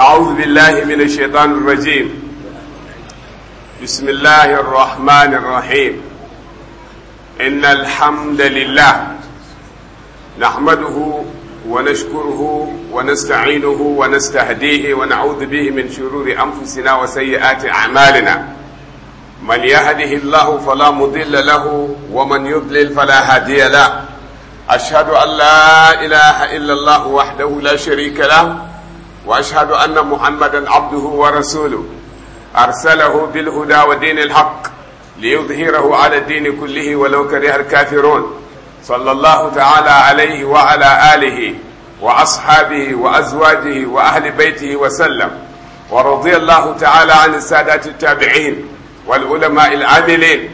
أعوذ بالله من الشيطان الرجيم بسم الله الرحمن الرحيم إن الحمد لله نحمده ونشكره ونستعينه ونستهديه ونعوذ به من شرور أنفسنا وسيئات أعمالنا من يهده الله فلا مضل له ومن يضلل فلا هادي له أشهد أن لا إله إلا الله وحده لا شريك له واشهد ان محمدا عبده ورسوله ارسله بالهدى ودين الحق ليظهره على الدين كله ولو كره الكافرون صلى الله تعالى عليه وعلى اله واصحابه وازواجه واهل بيته وسلم ورضي الله تعالى عن السادات التابعين والعلماء العاملين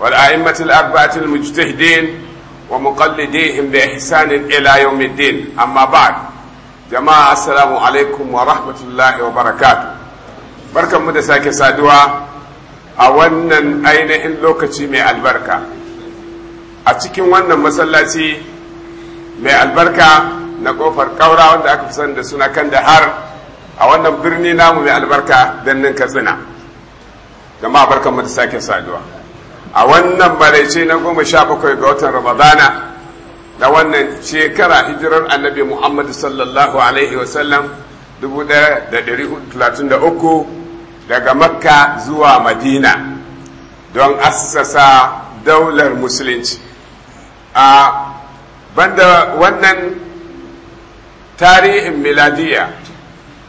والائمه الاربعه المجتهدين ومقلديهم باحسان الى يوم الدين اما بعد jama'a assalamu alaikum wa rahmatullahi wa barakatu barkanmu da sake saduwa a wannan ainihin lokaci mai albarka a cikin wannan masallaci mai albarka na kofar kaura wanda aka fi sani da suna kan da har a wannan birni namu mai albarka birnin katsina jama'a barkanmu da sake saduwa a wannan maraice na goma sha bakwai ga watan ramadana na wannan shekara hijirar annabi muhammad sallallahu alaihi wasallam 1433 daga makka zuwa madina don assasa daular musulunci a banda wannan tarihin miladiya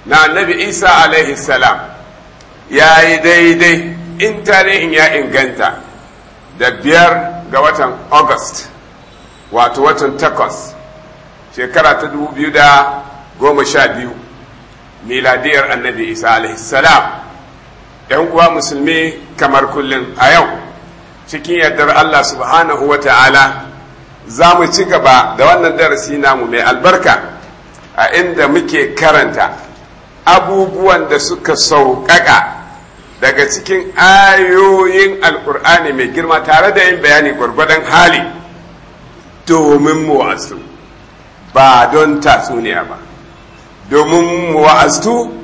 na annabi isa alaihi salam ya yi daidai in tarihin ya inganta da biyar ga watan august wato watan takwas shekara ta dubu biyu da goma sha biyu miladiyar annabi isa alaihissalam yan uwa musulmi kamar kullum a yau cikin yardar allah subhanahu wa ta'ala za mu ci gaba da wannan darasi namu mai albarka a inda muke karanta abubuwan da suka sauƙaƙa daga cikin ayoyin alƙur'ani mai girma tare da yin bayani gwargwadon hali domin mu ba don tatsuniya ba domin mu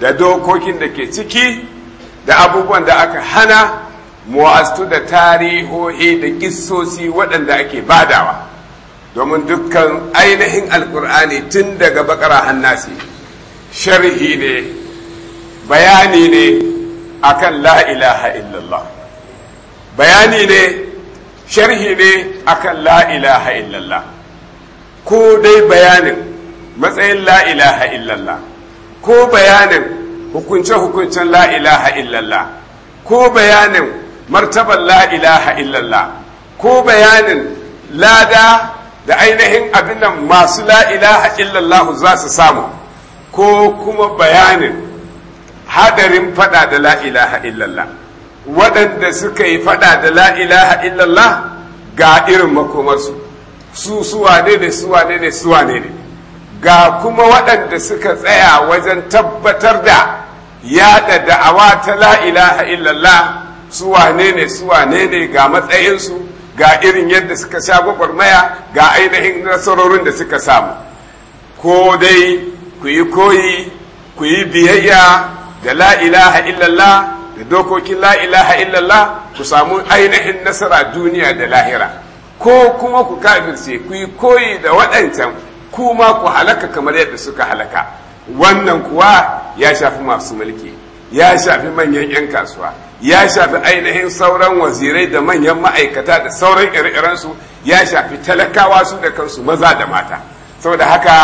da dokokin da ke ciki da abubuwan da aka hana mu da tarihohi da kissosi waɗanda ake badawa domin dukkan ainihin alkur'ani tun daga bakara hannasi sharhi ne bayani ne akan la ilaha illallah bayani ne sharhi ne akan la ilaha illallah ko dai bayanin matsayin la ilaha illallah ko bayanin hukunce-hukuncen la ilaha illallah ko bayanin martaban la ilaha illallah ko bayanin lada da ainihin abin nan masu la ilaha illallah za su samu ko kuma bayanin hadarin fada da la ilaha illallah waɗanda suka yi faɗa da la ilaha illallah ga irin makomarsu su suwa ne suwa ne suwa ne ga kuma waɗanda suka tsaya wajen tabbatar da yaɗa da'awa ta la ilaha illallah suwane ne suwane ne ga matsayinsu ga irin yadda suka sha gwagwarmaya ga ainihin nasarorin da suka samu ko dai ku yi koyi ku yi biyayya da la ilaha illallah da dokokin la ilaha illallah ku samu ainihin nasara duniya da lahira ko kuma ku kafirce ku yi koyi da waɗancan kuma ku halaka kamar yadda suka halaka wannan kuwa ya shafi masu mulki ya shafi manyan 'yan kasuwa ya shafi ainihin sauran wazirai da manyan ma'aikata da sauran ire-irensu ya shafi talakawa su da kansu maza da mata saboda haka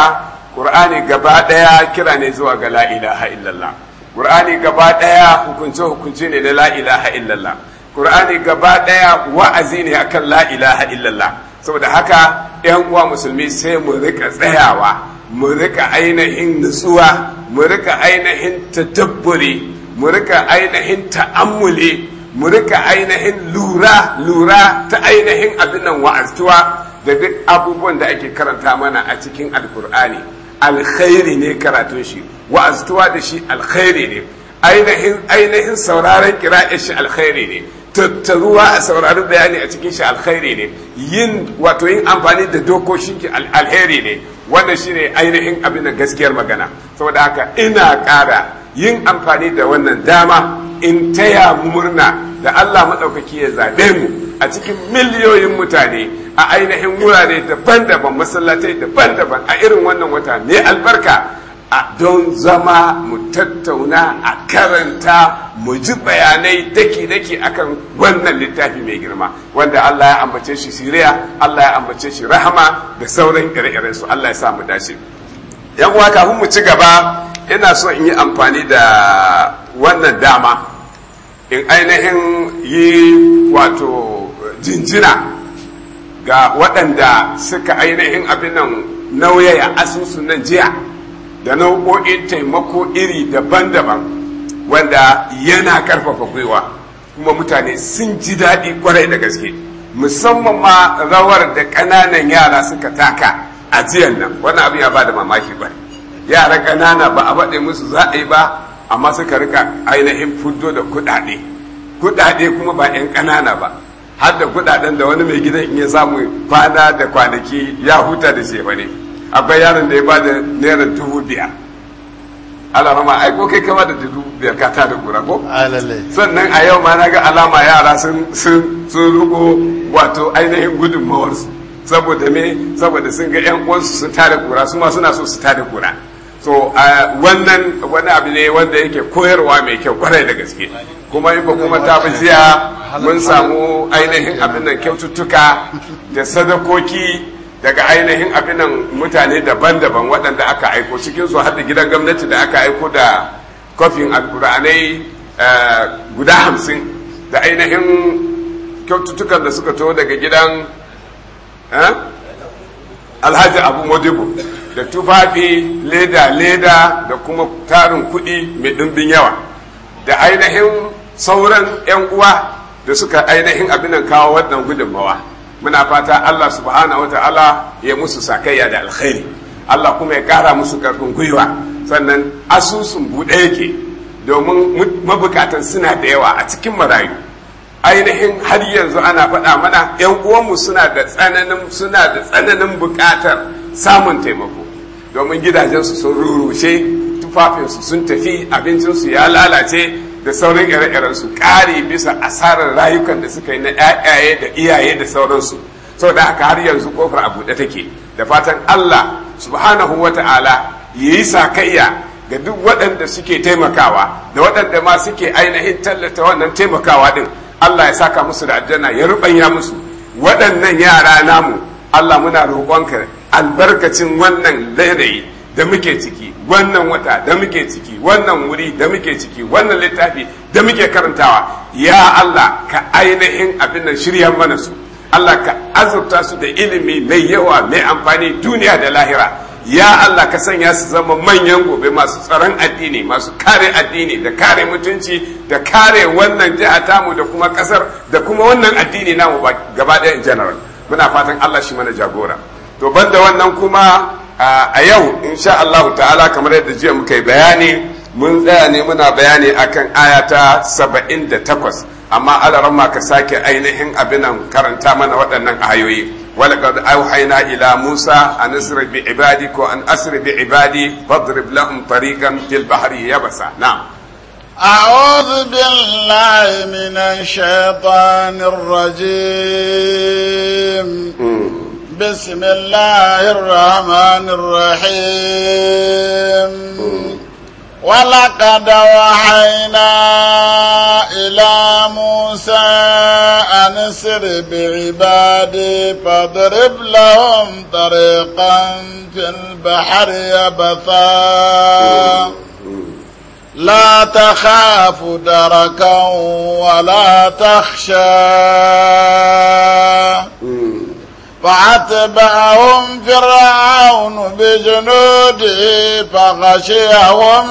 ƙur'ani gaba ɗaya kira ne zuwa ga la ilaha illallah ƙur'ani gaba ɗaya hukunce hukunce ne na la ilaha illallah kur'ani gaba ɗaya wa'azi ne akan la ilaha illallah saboda haka yan uwa musulmi sai mu rika tsayawa mu rika ainihin nutsuwa mu rika ainihin tadabburi mu rika ainihin ta'ammuli mu rika ainihin lura lura ta ainihin abin nan wa'aztuwa da duk abubuwan da ake karanta mana a cikin alkur'ani alkhairi ne karatun shi wa'azituwa da shi alkhairi ne ainihin sauraron kira'in shi alkhairi ne tattaruwa a sauraron bayani a cikin shi alkhairi ne yin wato yin amfani da dokoshin ki alheri ne wannan shine ainihin abin da gaskiyar magana saboda haka ina kara yin amfani da wannan dama in taya murna da Allah maɗaukaki ya zaɓe mu a cikin miliyoyin mutane a ainihin wurare daban-daban masallatai daban-daban a irin wannan wata ne albarka a don zama mu tattauna a karanta mu ji bayanai daki-daki akan wannan littafi mai girma wanda Allah ya ambace shi siriya Allah ya ambace shi rahama da sauran ire-iren su Allah ya sa mu dace yan uwa kafin mu ci gaba ina so in yi amfani da wannan dama in ainihin yi wato jinjina ga waɗanda suka ainihin abin nan nauyaya asusun nan jiya da nau'o'in taimako iri daban-daban wanda yana karfafa gwiwa kuma mutane sun ji daɗi kwarai da gaske musamman ma rawar da ƙananan yara suka taka a jiyan nan wannan abu ya ba da mamaki ba yara ƙanana ba a baɗe musu za yi ba amma suka rika ainihin fuddo da kuɗaɗe kuɗaɗe kuma ba 'yan ƙanana ba har da kuɗaɗen da wani mai gidan in ya samu kwana da kwanaki ya huta da shi ba ne akwai yaron da ya ba da naira dubu biyar alarama ai ko kai kama da dubu biyar ka ta da gura ko ah, sannan a yau ma na ga alama yara sun sun sun rugo wato ainihin su saboda me saboda sun ga yan uwansu sun da gura su ma suna so su da gura so wannan wani abu ne wanda yake koyarwa mai kyau kwarai da gaske kuma in ba kuma ta jiya mun samu ainihin abin da kyaututtuka da sadakoki daga ainihin abinan mutane daban-daban waɗanda aka aiko cikinsu haɗa gidan gwamnati da aka aiko da kofin alkur'anai eh, guda hamsin da ainihin kyaututtukan da suka to daga gidan eh, alhaji abu modibo da tufafi leda-leda da kuma tarin kuɗi mai ɗumbin yawa da ainihin sauran 'yan uwa da suka ainihin abinan kawo waɗannan gudunmawa muna fata Allah subhanahu ta'ala ya musu sakayya da alkhairi Allah kuma ya kara musu karfin gwiwa sannan asusun bude yake domin mabukatan suna da yawa a cikin marayu ainihin har yanzu ana faɗa mana yan uwanmu suna da tsananin suna da tsananin bukatar samun taimako domin gidajensu sun rurushe tufafinsu sun tafi abincinsu ya lalace da sauran ire-irensu ƙari bisa asarar rayukan da suka yi na ƴaƴaye da iyaye da sauransu da haka har yanzu kofar a buɗe take da fatan Allah subhanahu wa ta'ala ya yayi sakayya ga duk waɗanda suke taimakawa da waɗanda ma suke ainihin tallata wannan taimakawa din Allah ya saka musu da aljanna ya rubanya musu waɗannan yara namu Allah muna roƙonka albarkacin wannan lairayi da muke ciki wannan wata da muke ciki wannan wuri da muke ciki wannan littafi da muke karantawa ya Allah ka ainihin abin nan shirya mana su Allah ka azurta su da ilimi mai yawa mai amfani duniya da lahira ya Allah ka sanya su zama manyan gobe masu tsaron addini masu kare addini da kare mutunci da kare wannan jiha tamu da kuma kasar da kuma wannan addini namu gaba ɗaya general muna fatan Allah shi mana jagora to banda wannan kuma a yau insha Allah ta'ala kamar yadda jiya muka yi bayani mun tsaya ne muna bayani akan aya ta 78 amma alaramma ka sake ainihin abinan karanta mana waɗannan ayoyi ولقد أوحينا إلى موسى أن ko بعبادك وأن أسر بعبادي فاضرب لهم طريقا في البحر يبسا نعم أعوذ بالله من الشيطان الرجيم م. بسم الله الرحمن الرحيم ولقد وحينا إلى موسى أن سر بعبادي فاضرب لهم طريقا في البحر يبثا لا تخاف دركا ولا تخشى فأتبعهم فرعون بجنوده فغشيهم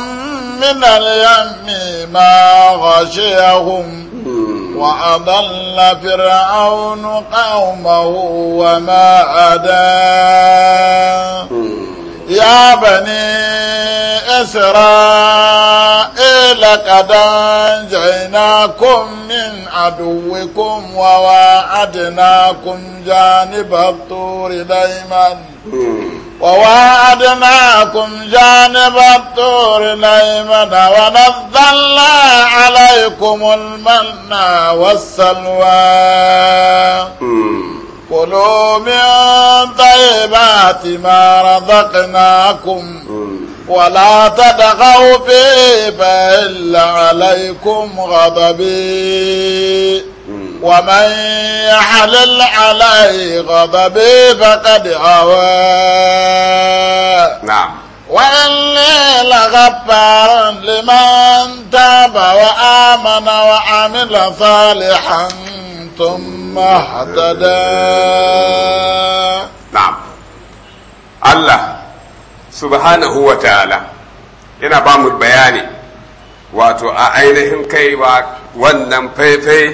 من اليم ما غشيهم وأضل فرعون قومه وما أداه يا بني إسرائيل قد أنجيناكم من عدوكم وواعدناكم جانب الطور دائما وواعدناكم جانب الطور الأيمن ونزلنا عليكم المن والسلوى كلوا من طيبات ما رزقناكم ولا تدغوا فيه فإلا عليكم غضبي ومن يحلل عليه غضبي فقد هوى نعم وإني لغفار لمن تاب وآمن وعمل صالحا ثم اهتدى نعم الله سبحانه وتعالى yana ba mu bayani wato a ainihin kai ba wannan faifai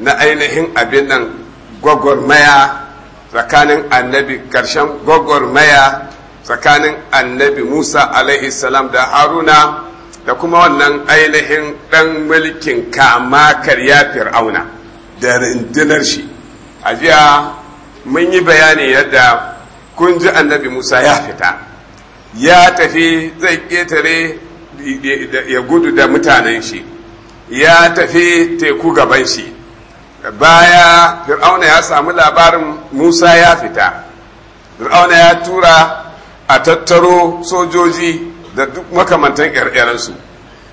na ainihin abin nan gwagwarmaya tsakanin annabi karshen gwagwarmaya tsakanin annabi musa alaihi salam da haruna da kuma wannan ainihin ɗan mulkin kama karya fir'auna da rindinar shi a jiya mun yi bayani yadda kun ji annabi musa ya fita ya tafi zai ƙetare ya gudu da mutanen shi ya tafi teku gaban shi baya fir'auna ya samu labarin musa ya fita fir'auna ya tura a tattaro sojoji da duk makamantan ƙyarƙyaransu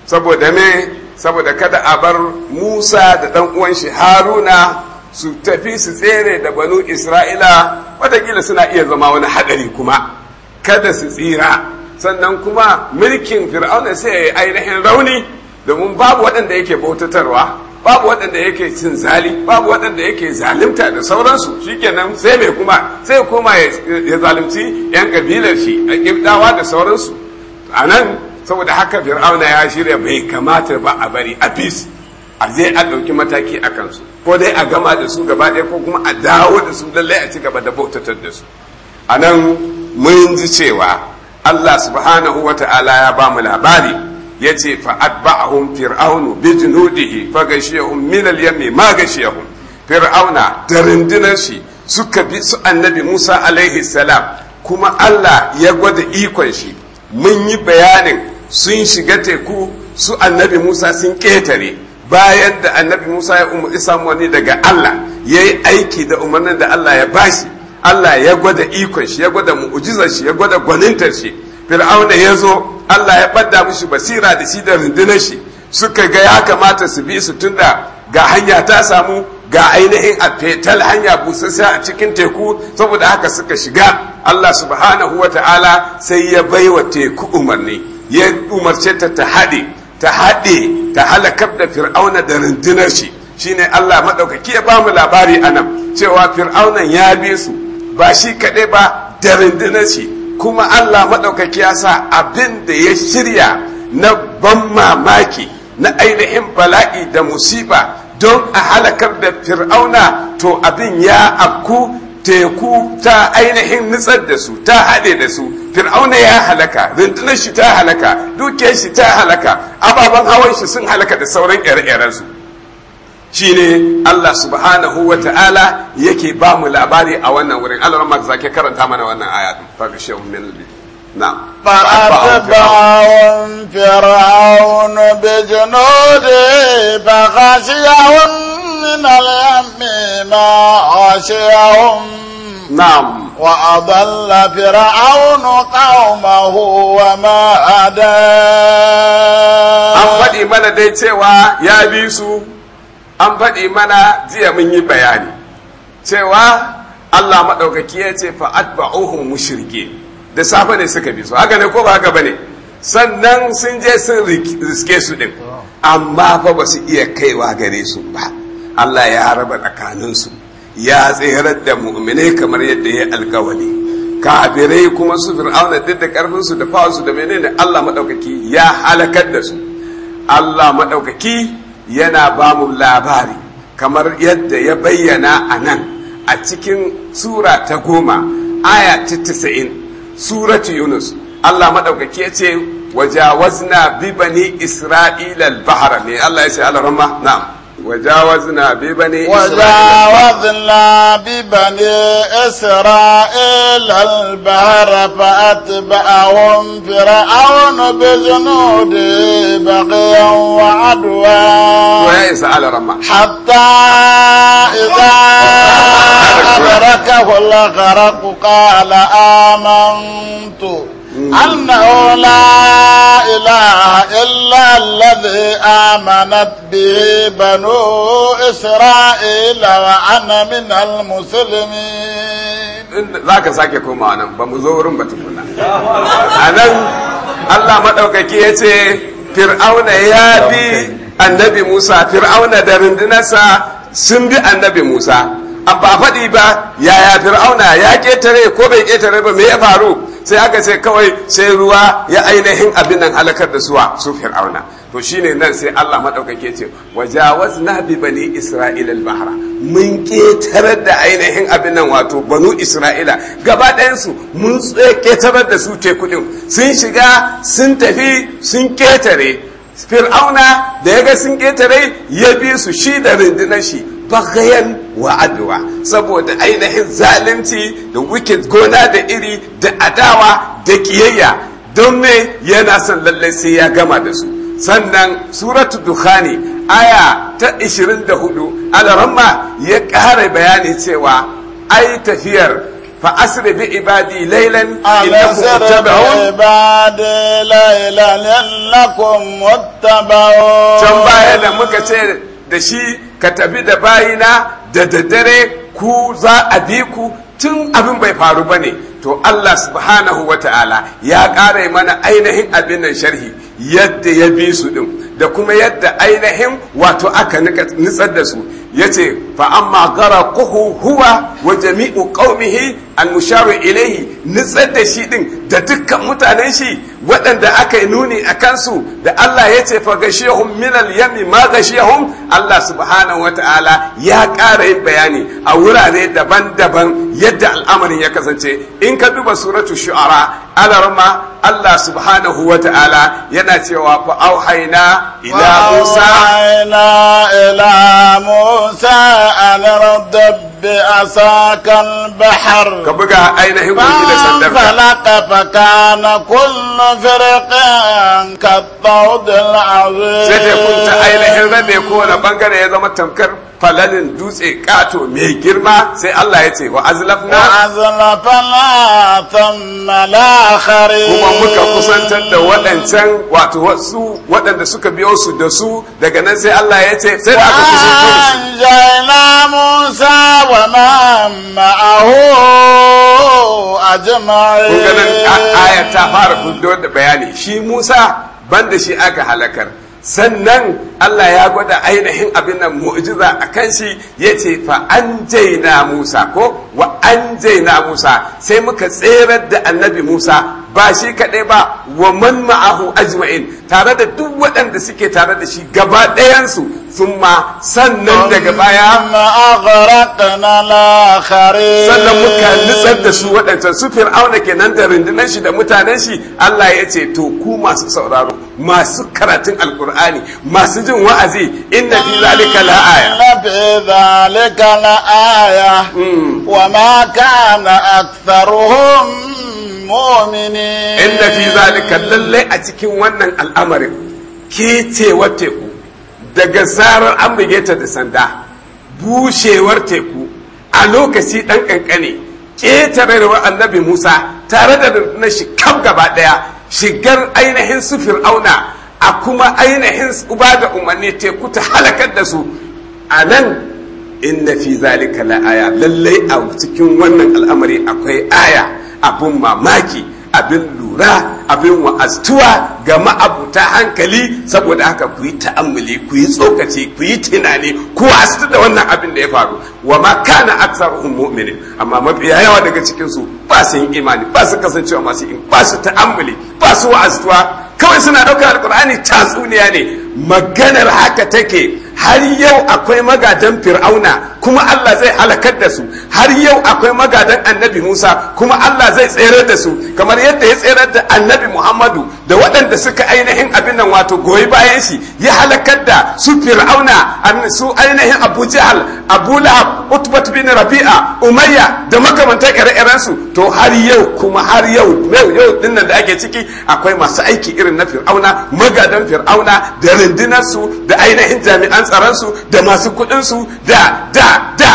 saboda me saboda kada a bar musa da ɗan uwan shi haruna su tafi su tsere da banu isra'ila watakila suna iya zama wani haɗari kuma kada su tsira sannan kuma mulkin fir'auna sai ya yi ainihin rauni domin babu waɗanda yake bautatarwa babu waɗanda yake cin zali babu waɗanda yake zalimta da sauransu shikenan sai mai kuma sai kuma ya zalimci yan kabilar shi a kibdawa da sauransu a nan saboda haka fir'auna ya shirya bai kamata ba a bari a bis a zai a ɗauki mataki a kansu ko dai a gama da su gaba ɗaya ko kuma a dawo da su lallai a ci gaba da bautatar da su a nan mun ji cewa allah subhanahu wa ta'ala ya ba mu labari yace fa atba'ahum fir'aunu bi junudihi fa gashiyahum min al-yammi ma gashiyahum fir'auna da rundunar shi suka bi su annabi Musa alaihi salam kuma Allah ya gwada ikon shi mun yi bayanin sun shiga teku su annabi Musa sun ketare bayan da annabi Musa ya isa samuwani daga Allah ya yi aiki da umarnin da Allah ya bashi Allah ya gwada ikon shi ya gwada mu'ujizar shi ya gwada gwanintar shi fir'auna ya zo Allah ya fadda mushi basira da shi da rundunar shi suka ga ya kamata su bi su tunda ga hanya ta samu ga ainihin a fetal hanya busassa a cikin teku saboda haka suka shiga Allah subhanahu wa ta'ala sai ya baiwa teku umarni ya umarce ta ta haɗe ta haɗe ta halakar da fir'auna da rundunar shi shine Allah maɗaukaki ya bamu labari anan cewa fir'aunan ya bi su ba shi kaɗai ba da rundunar shi kuma Allah maɗaukaki ya sa abin da ya shirya na ban mamaki na ainihin bala'i da musiba don a halakar da fir'auna to abin ya afku teku ta ainihin nutsar da su ta haɗe da su fir'auna ya halaka rundunar shi ta halaka dukiyar shi ta halaka ababen hawan shi sun halaka da sauran ire su shine Allah subhanahu wa ta’ala yake ba mu labari a wannan wurin Allah mata zake karanta mana wannan ayat fagashin milbi na fa’atabawon fir'aun bi junudi fagashiyahun min al’ammi ma ashiyahun na’am wa adalla fir'aun qaumahu wa ma ada an faɗi mana dai cewa ya bi su an faɗi mana jiya mun yi bayani cewa Allah maɗaukaki ya ce fa'ad mu mushrike da safe ne suka bi su haka ne ko ba haka ne sannan sun je sun riske su ɗin amma fa ba su iya kaiwa gare su ba Allah ya raba tsakaninsu ya tsirar da mu'mine kamar yadda ya alkawali kafirai kuma su fir'auna duk da karfinsu da fawarsu da menene Allah maɗaukaki ya halakar da su Allah maɗaukaki yana ba mu labari kamar yadda ya bayyana a nan a cikin sura ta goma aya ta tisa'in suratu yunus allah maɗaukaki ya ce wajawazna bi bani isra'ila al-bahra ne allah ya ce alarama na'am وجاوزنا ببني وجاوزنا ببني إسرائيل البحر فأتبعهم فرعون بجنوده بقيا وعدوا ويئس على رمى حتى إذا أدركه الغرق قال آمنت أنه لا إله إلا هذا الذي آمنت به بنو إسرائيل وأنا من المسلمين ذاك ساكي كوما أنا بمزورم بتكونا أنا الله ما توقعي يتي فرعون يا بي annabi Musa fir'auna da rundunarsa sun bi annabi Musa Aba faɗi ba yaya fir'auna ya ƙetare ko bai ƙetare ba me ya faru sai aka ce kawai sai ruwa ya ainihin abin nan halakar da suwa su fir'auna to shine nan sai Allah madaukake ce wajawazna na bi bani isra'ila al-bahra mun ketarar da ainihin abin nan wato banu isra'ila gaba ɗayan su mun ketarar da su teku din sun shiga sun tafi sun ketare fir'auna da ya ga sun ketare ya bi su shi da rundunar shi bagayen wa addu'a saboda ainihin zalunci da wicked gona da iri da adawa da kiyayya don me yana son lallai sai ya gama da su sannan suratu dukhani aya ta 24 alaramma ya ƙara bayani cewa ai tafiyar فأسر بعبادي ليلا ibadi laylan innakum muttabaun ce. da shi ka tafi da bayina da daddare ku za a bi ku tun abin bai faru ba ne to Allah subhanahu wa ta'ala ya ƙara mana ainihin abin nan sharhi yadda ya bi su ɗin da kuma yadda ainihin wato aka nitsar da su ya ce fa'amma gara kuhu huwa wa jami'u ƙaumihi almusharu ilaihi nitsar da shi din da dukkan mutanen shi waɗanda aka nuni a kansu da Allah ya ce fagashiyahum min al-yami ma gashiyahum Allah subhanahu wata'ala ya ƙara yin bayani a wurare daban-daban yadda al'amarin ya kasance in ka duba suratu shu'ara alarma Allah subhanahu wata'ala yana cewa fa auhayna ila Musa ila Musa an raddab bi al bahar ka buga ainihin gurbi da sandar ka falaka fakana kullu firqan ka ba'd azim sai ta kunta ainihin rabe kowane na bangare ya zama tamkar falalin dutse kato mai girma sai Allah ya ce wa azlafna kuma muka kusantar da waɗancan wato wasu waɗanda suka biyo su da su daga nan sai Allah ya ce sai aka kusantar Musa wa man ma'ahu ajma'in kun nan ta fara fito da bayani shi Musa banda shi aka halakar sannan Allah ya gwada ainihin abin nan mu'jiza a kan shi ya ce fa an jaina Musa ko wa an jaina Musa sai muka tserar da annabi Musa ba shi kaɗai ba wa manma'ahu ma'ahu ajma'in tare da duk waɗanda suke tare da shi gaba ɗayansu thumma sannan daga baya aghraqna sannan muka nutsar da su waɗancan su fir'auna kenan da rundunar shi da mutanen shi Allah ya ce to ku masu sauraro masu karatun alkur'ani masu jin wa'azi inna fi zalika la aya inna fi zalika la aya hmm. wa ma kana aktharuhum mu'minin inna fi zalika lalle a cikin wannan al'amarin ke ce teku daga zarar an ta da sanda bushewar teku a lokaci ɗan ƙanƙane ƙetarewar annabi musa tare da na shi kam gaba ɗaya shigar ainihin su fir'auna a kuma ainihin uba da umarni teku ta halakar da su a nan in na fi zalika la'aya lallai a cikin wannan al'amari akwai aya abin mamaki abin lura abin wa'aztuwa ga ma'abuta hankali saboda haka ku yi ta'ammuli ku yi tsokaci ku yi tunani ku wasu da wannan abin da ya faru wa ma kana aktsaruhum mu'mini amma mafi yawa daga cikin su ba su yin imani ba su kasancewa masu in ba su ta'ammuli ba su wa'aztuwa kawai suna ɗaukar alkur'ani tatsuniya ne maganar haka take har yau akwai magadan fir'auna kuma Allah zai halakar da su har yau akwai magadan annabi Musa kuma Allah zai tsere da su kamar yadda ya tsere da annabi Muhammadu da waɗanda suka ainihin abin nan wato goyi bayan shi ya halakar da su Fir'auna su ainihin Abu Jahl Abu Lahab Utbat bin Rabi'a Umayya da makamantan ire-iren su to har yau kuma har yau yau yau dinnan da ake ciki akwai masu aiki irin na Fir'auna magadan Fir'auna da rundunar su da ainihin jami'an tsaron su da masu kuɗin su da da da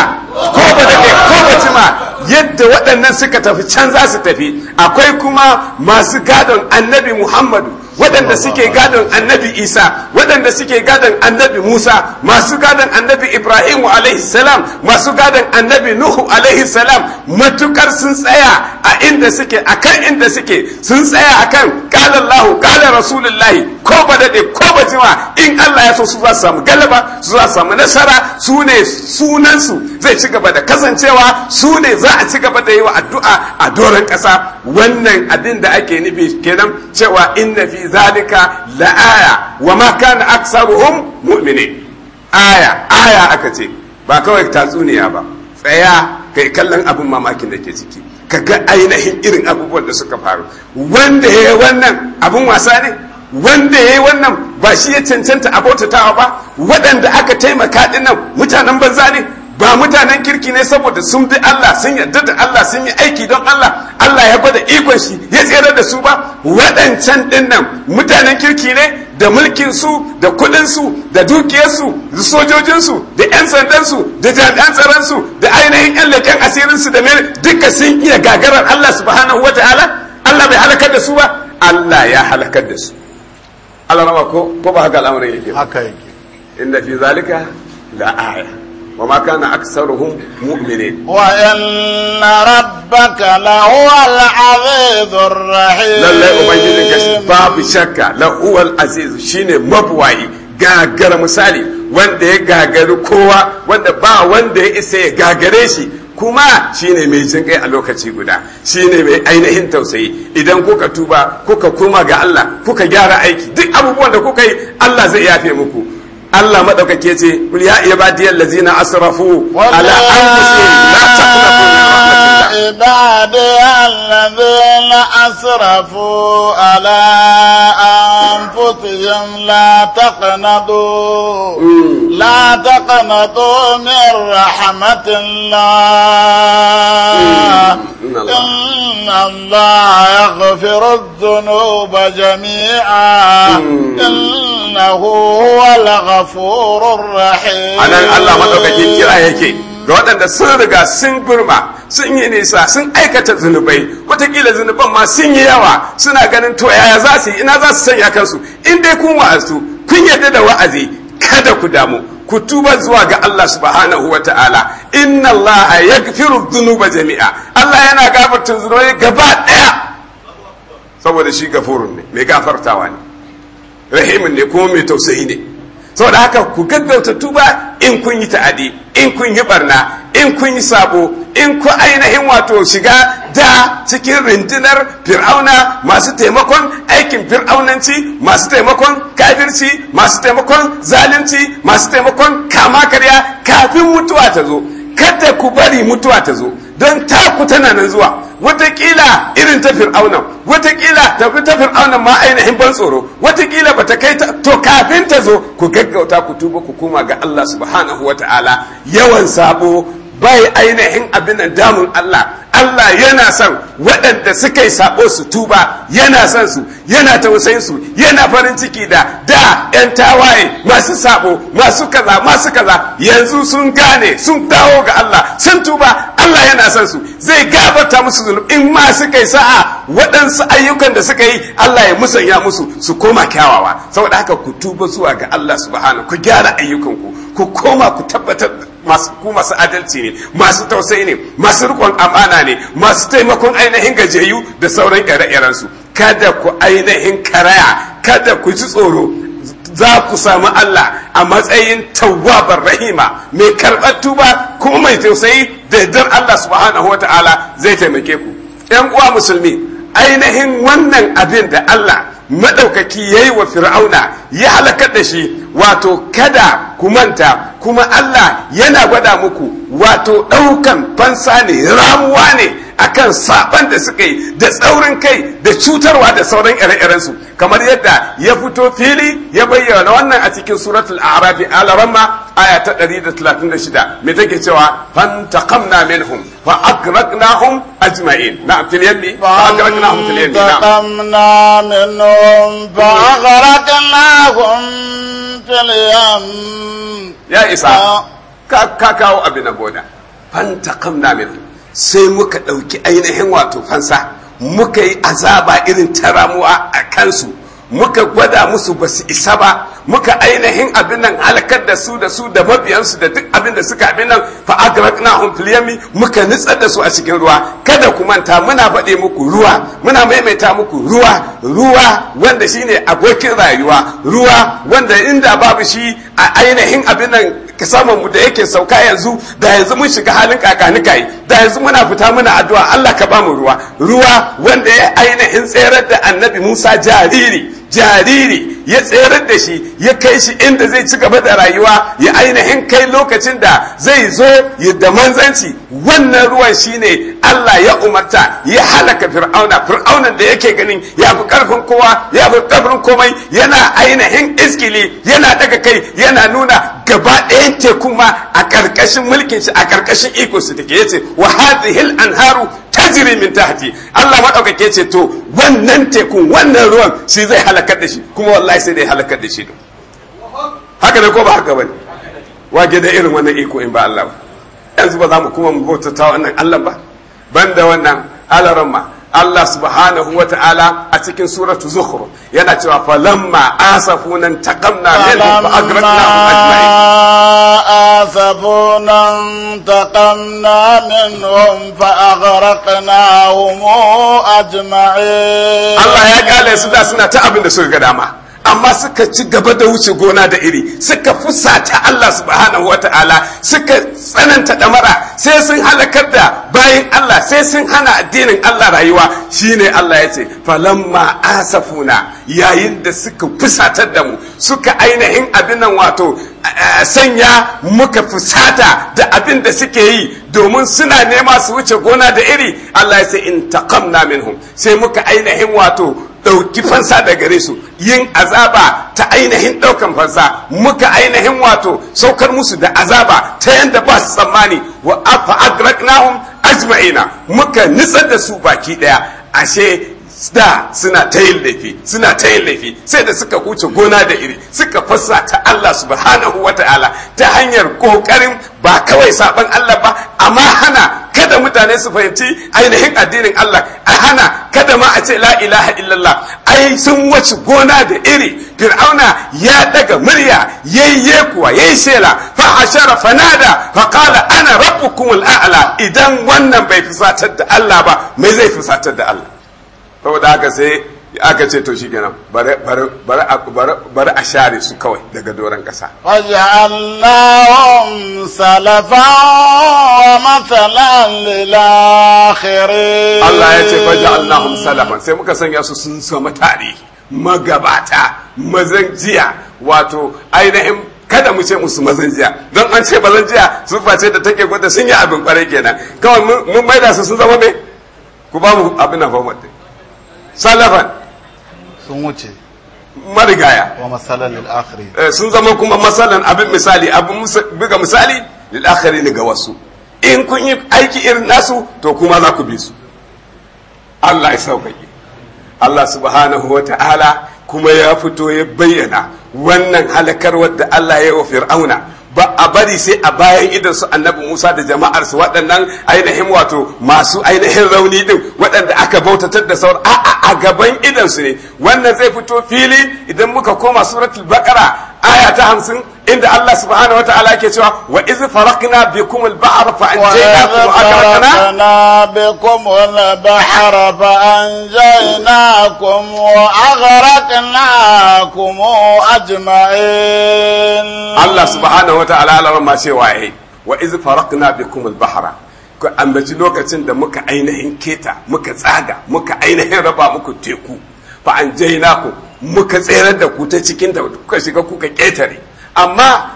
ko ba daɗe ko ba ma yadda waɗannan suka tafi can za su tafi akwai kuma masu gadon annabi muhammadu waɗanda suke gadon annabi isa waɗanda suke gadon annabi musa masu gadon annabi ibrahimu alaihi masu gadon annabi nuhu alaihi salam matukar sun tsaya a inda suke akan inda suke sun tsaya akan kala allahu kala rasulullahi ko ba daɗe ko ba jima in allah ya so su za su samu galaba su za su samu nasara su ne sunansu zai ci gaba da kasancewa su ne za a ci gaba da yi wa addu'a a doron ƙasa wannan abin da ake nufi kenan cewa inna fi zalika la'aya wa ma kana aksaruhum mu'minin aya aya aka ce ba kawai tatsuniya ba tsaya kai kallon abin mamakin da ke ciki ka ga ainihin irin abubuwan da suka faru wanda ya yi wannan abin wasa ne wanda ya yi wannan ba shi ya cancanta a bautatawa ba waɗanda aka taimaka ɗin mutanen banza ne ba mutanen kirki ne saboda sun bi Allah sun yarda da Allah sun yi aiki don Allah Allah ya gwada ikon shi ya tsere da su ba waɗancan ɗin nan mutanen kirki ne da mulkin su da kuɗin su da dukiyarsu da sojojin su da ƴan sandan su da jami'an tsaron su da ainihin ƴan leken asirin su da mere duka sun iya gagarar Allah subhanahu ala Allah bai halakar da su ba Allah ya halakar da su Allah rama ko ba haka al'amarin yake haka yake inda fi zalika la aya وما كان أكثرهم مؤمنين وإن ربك لهو العزيز الرحيم لله shakka باب شك لهو العزيز شين مبوعي gagara misali wanda ya gagari kowa wanda ba wanda ya isa ya gagare shi kuma shine mai jin kai a lokaci guda shine mai ainihin tausayi idan kuka tuba kuka koma ga Allah kuka gyara aiki duk abubuwan da kuka yi Allah zai yafe muku Allah madaukake ce kul ya ibadiyal ladzina asrafu ala anfusihim la taqnatu min ala hmm. la taqnatu min rahmatillah hmm. ghafurur rahim anan Allah madaukakin kira yake ga waɗanda sun riga sun gurma sun yi nisa sun aikata zunubai wataƙila zunuban ma sun yi yawa suna ganin to yaya za su ina za su sanya kansu in dai kun wa'azu kun yarda da wa'azi kada ku damu ku tuba zuwa ga Allah subhanahu wa ta'ala inna Allah yaghfiru dhunuba jami'a Allah yana gafarta zunubai gaba daya saboda shi gafurun ne mai gafartawa ne rahimin ne kuma mai tausayi ne sau da haka ku gaggauta tuba in kun yi ta'adi in kun yi barna in kun yi sabo in ku ainihin wato shiga da cikin rindinar fir'auna masu taimakon aikin fir'aunanci masu taimakon kafirci masu taimakon zalunci masu taimakon kama karya kafin mutuwa ta zo kada ku bari mutuwa ta zo don taku tana nan zuwa watakila irin ta fir'auna watakila tafi ta fir'auna ma ainihin ban tsoro watakila ba ta kai to kafin ta zo ku gaggauta ku tuba ku koma ga Allah subhanahu wata'ala yawan sabo bai ainihin abin damun Allah Allah yana son waɗanda suka yi su tuba yana son su yana tausayin su yana farin ciki da da 'yan tawaye masu saɓo masu kaza masu kaza yanzu sun gane sun dawo ga Allah sun tuba Allah yana son su zai gabata musu zunubi in ma suka yi sa'a waɗansu ayyukan da suka yi Allah ya musanya musu su koma kyawawa saboda haka ku tuba zuwa ga Allah subhanahu ku gyara ayyukanku ku koma ku tabbatar masu masu adalci ne masu tausayi ne masu rikon amana ne masu taimakon ainihin gajeyu da sauran ire-iren su kada ku ainihin karaya kada ku ji tsoro za ku samu Allah a matsayin tawabar rahima mai karɓar tuba kuma mai tausayi da dan Allah subhanahu wa ta'ala zai taimake ku yan uwa musulmi ainihin wannan abin da Allah maɗaukaki ya yi wa fir'auna ya halakar da shi wato kada ku manta kuma allah yana gwada muku wato ɗaukan fansa ne ramuwa ne akan saban da suka yi da tsaurin kai da cutarwa da sauran ire-irensu kamar yadda ya fito fili ya bayyana wannan a cikin suratul a'rafi al aya ta 136 me take cewa fantaqamna minhum fa agraqnahum ajma'in na fil yammi fa agraqnahum fil yammi na فأغرقناهم في اليم يا إسحاق na أبي نبودا sai muka ɗauki ainihin wato fansa muka yi azaba irin taramuwa a kansu muka gwada musu ba su isa ba muka ainihin abin nan halakar da su da su da mabiyansu da duk abin da suka abin nan fa agrakna hum fil muka nitsar da su a cikin ruwa kada ku manta muna bade muku ruwa muna maimaita muku ruwa ruwa wanda shine abokin rayuwa ruwa wanda inda babu shi a ainihin abin nan ka samun mu da yake sauka yanzu da yanzu mun shiga halin kakanika yi da yanzu muna fita muna addu'a Allah ka ba mu ruwa ruwa wanda ya aina in tserar da annabi Musa jariri jariri ya tserar da shi ya kai shi inda zai ci gaba da rayuwa ya aina in kai lokacin da zai zo ya da manzanci wannan ruwan shine Allah ya umarta ya halaka fir'auna fir'aunan da yake ganin ya fi karfin kowa ya fi karfin komai yana ainihin iskili yana daga kai yana nuna gaba ɗayan teku ma a ƙarƙashin mulkin shi a ƙarƙashin iko su take yace wa hadhihi anharu tajri min tahti Allah madaukake ce to wannan tekun wannan ruwan shi zai halakar da shi kuma wallahi sai zai halakar da shi haka ne ko ba haka bane wa da irin wannan iko in ba Allah ba yanzu ba za mu kuma mu bautata wannan Allah ba banda wannan ma Allah subhanahu wa ta'ala a cikin suratu zukhruf yana cewa falamma asafuna taqamna minhum fa asafuna taqamna minhum fa aghraqnahum ajma'in Allah ya kale su da suna ta abin da suka ga dama amma suka ci gaba da wuce gona da iri suka fusata Allah subhanahu ta'ala suka tsananta damara sai sun halakar da bayan Allah sai sun hana addinin Allah rayuwa shine Allah ya ce falamma asafuna yayin da suka fusatar da mu suka ainihin abin nan wato sanya muka fusata da abin da suke yi domin suna nema su wuce gona da iri Allah ya ce in taqamna minhum sai muka ainihin wato ɗauki fansa da gare su yin azaba ta ainihin ɗaukan fansa muka ainihin wato saukar musu da azaba ta yadda ba su tsammani wa afa agraknahum ajma'ina muka nitsar da su baki ɗaya ashe da suna ta yin laifi suna ta yin laifi sai da suka huce gona da iri suka fassa ta Allah subhanahu wa ta'ala ta hanyar kokarin ba kawai saban Allah ba amma hana kada mutane su fahimci ainihin addinin Allah a hana kada ma a ce la ilaha illallah ai sun wace gona da iri fir'auna ya daga murya yayye kuwa yayi shela fa ashara fanada fa qala ana rabbukum al'ala idan wannan bai fusatar da Allah ba me zai fusatar da Allah saboda haka sai aka ce to shikenan bari a share su kawai daga doron kasa waja'allahum salafan salafa matsalan akhirin Allah ya ce allahun salafa sai muka sanya su sun sama tarihi magabata mazanjiya wato ainihin kada mu ce musu mazanjiya don an ce mazanjiya su face da take gwada sun yi abin kwarai kenan kawai mun maida su sun zama mai ku ba mu abin na fahimta salafan sun wuce marigaya wa masalan lil'akhiri eh, sun zama kuma masalan abin misali abin buga misali lil'akhiri ne ga wasu in kun yi aiki irin nasu to kuma za ku bi su Allah ya sauƙaƙe Allah subhanahu wa ta'ala kuma ya fito ya bayyana wannan halakar wadda Allah ya yi wa fir'auna ba a bari sai a bayan idan su annabi Musa da jama'ar su waɗannan ainihin wato masu ainihin rauni din waɗanda aka bautatar da sauran a'a a gaban idan su ne wannan zai fito fili idan muka koma suratul baqara aya ta hamsin inda Allah subhanahu wa ta'ala yake cewa wa iz faraqna bikum al-bahr fa anjaynakum wa na bikum al-bahr fa anjaynakum wa aghraqnakum ajma'in Allah subhanahu wa ta'ala alarma cewa yayi eh, wa iz faraqna bikum al-bahra ku ambaci lokacin da muka ainihin keta muka tsaga muka ainihin raba muku teku fa anjaynakum muka tsere da ku ta cikin da kuka shiga kuka ketare amma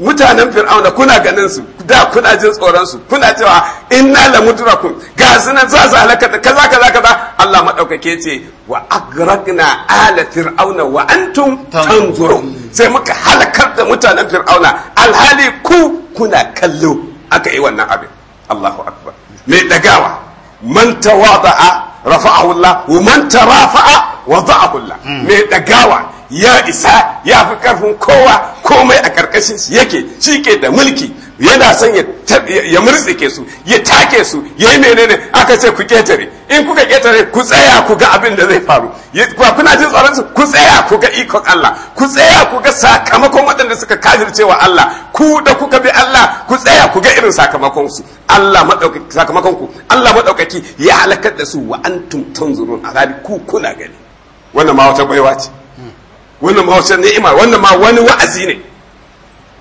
mutanen fir'auna kuna ganin su da kuna jin tsoron su kuna cewa inna la mudrakun ga sunan za su halaka kaza kaza kaza Allah madaukake ce wa agragna ala fir'auna wa antum tanzurun sai muka halakar da mutanen fir'auna alhali ku kuna kallo aka yi wannan abin Allahu akbar me dagawa man tawada'a rafa'ahu Allah wa man tarafa'a wada'ahu Allah hmm. me dagawa ya isa ya fi karfin kowa komai a karkashin su yake shi ke da mulki yana son ya murtsike su ya take su ya yi menene aka ce ku ketare in kuka ketare ku tsaya ku ga abin da zai faru ba kuna jin tsoron su ku tsaya ku ga ikon Allah ku tsaya ku ga sakamakon waɗanda suka kajirce wa Allah ku da kuka bi Allah ku tsaya ku ga irin sakamakon su Allah madaukaki sakamakon ku Allah maɗaukaki ya halakar da su wa antum a azabi ku kuna gani wannan ma wata baiwa ce wannan ma wasu ni'ima wannan ma wani wa'azi ne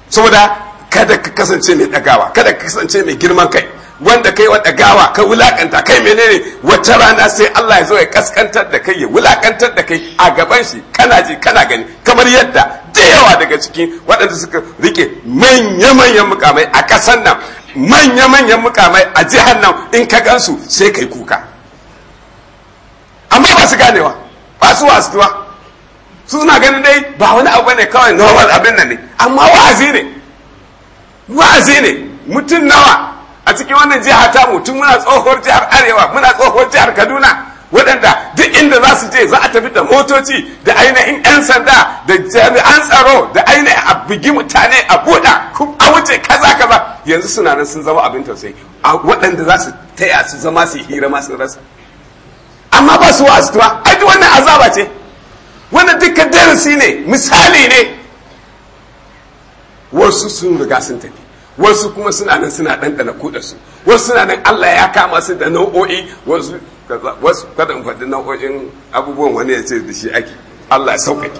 saboda kada ka kasance mai dagawa kada ka kasance mai girman kai wanda kai wa dagawa ka wulakanta kai menene wata rana sai Allah ya zo ya kaskantar da kai ya wulakantar da kai a gaban shi kana ji kana gani kamar yadda da yawa daga cikin waɗanda suka rike manya-manyan mukamai a kasan nan manya-manyan mukamai a jihar nan in ka gansu sai kai kuka amma ba su ganewa ba su wasuwa suna ganin dai ba wani abu ne kawai normal abin nan ne amma wa'azi ne wa'azi ne mutum nawa a cikin wannan jiha ta mutum muna tsohuwar jihar arewa muna tsohuwar jihar kaduna waɗanda duk inda za su je za a tafi da motoci da ainihin 'yan sanda da jami'an tsaro da ainihin a bugi mutane a buɗa a wuce kaza kaza yanzu suna nan sun zama abin tausayi a waɗanda za su taya su zama su hira masu rasa amma ba su wa'azi ba ai wannan azaba ce wannan dukkan darasi ne misali ne wasu sun riga sun tafi wasu kuma suna nan suna ɗanɗana kuɗarsu wasu suna nan allah ya kama su da nau'o'i wasu wasu kadan faɗi nau'o'in abubuwan wani ya ce da shi ake allah ya sauƙaƙe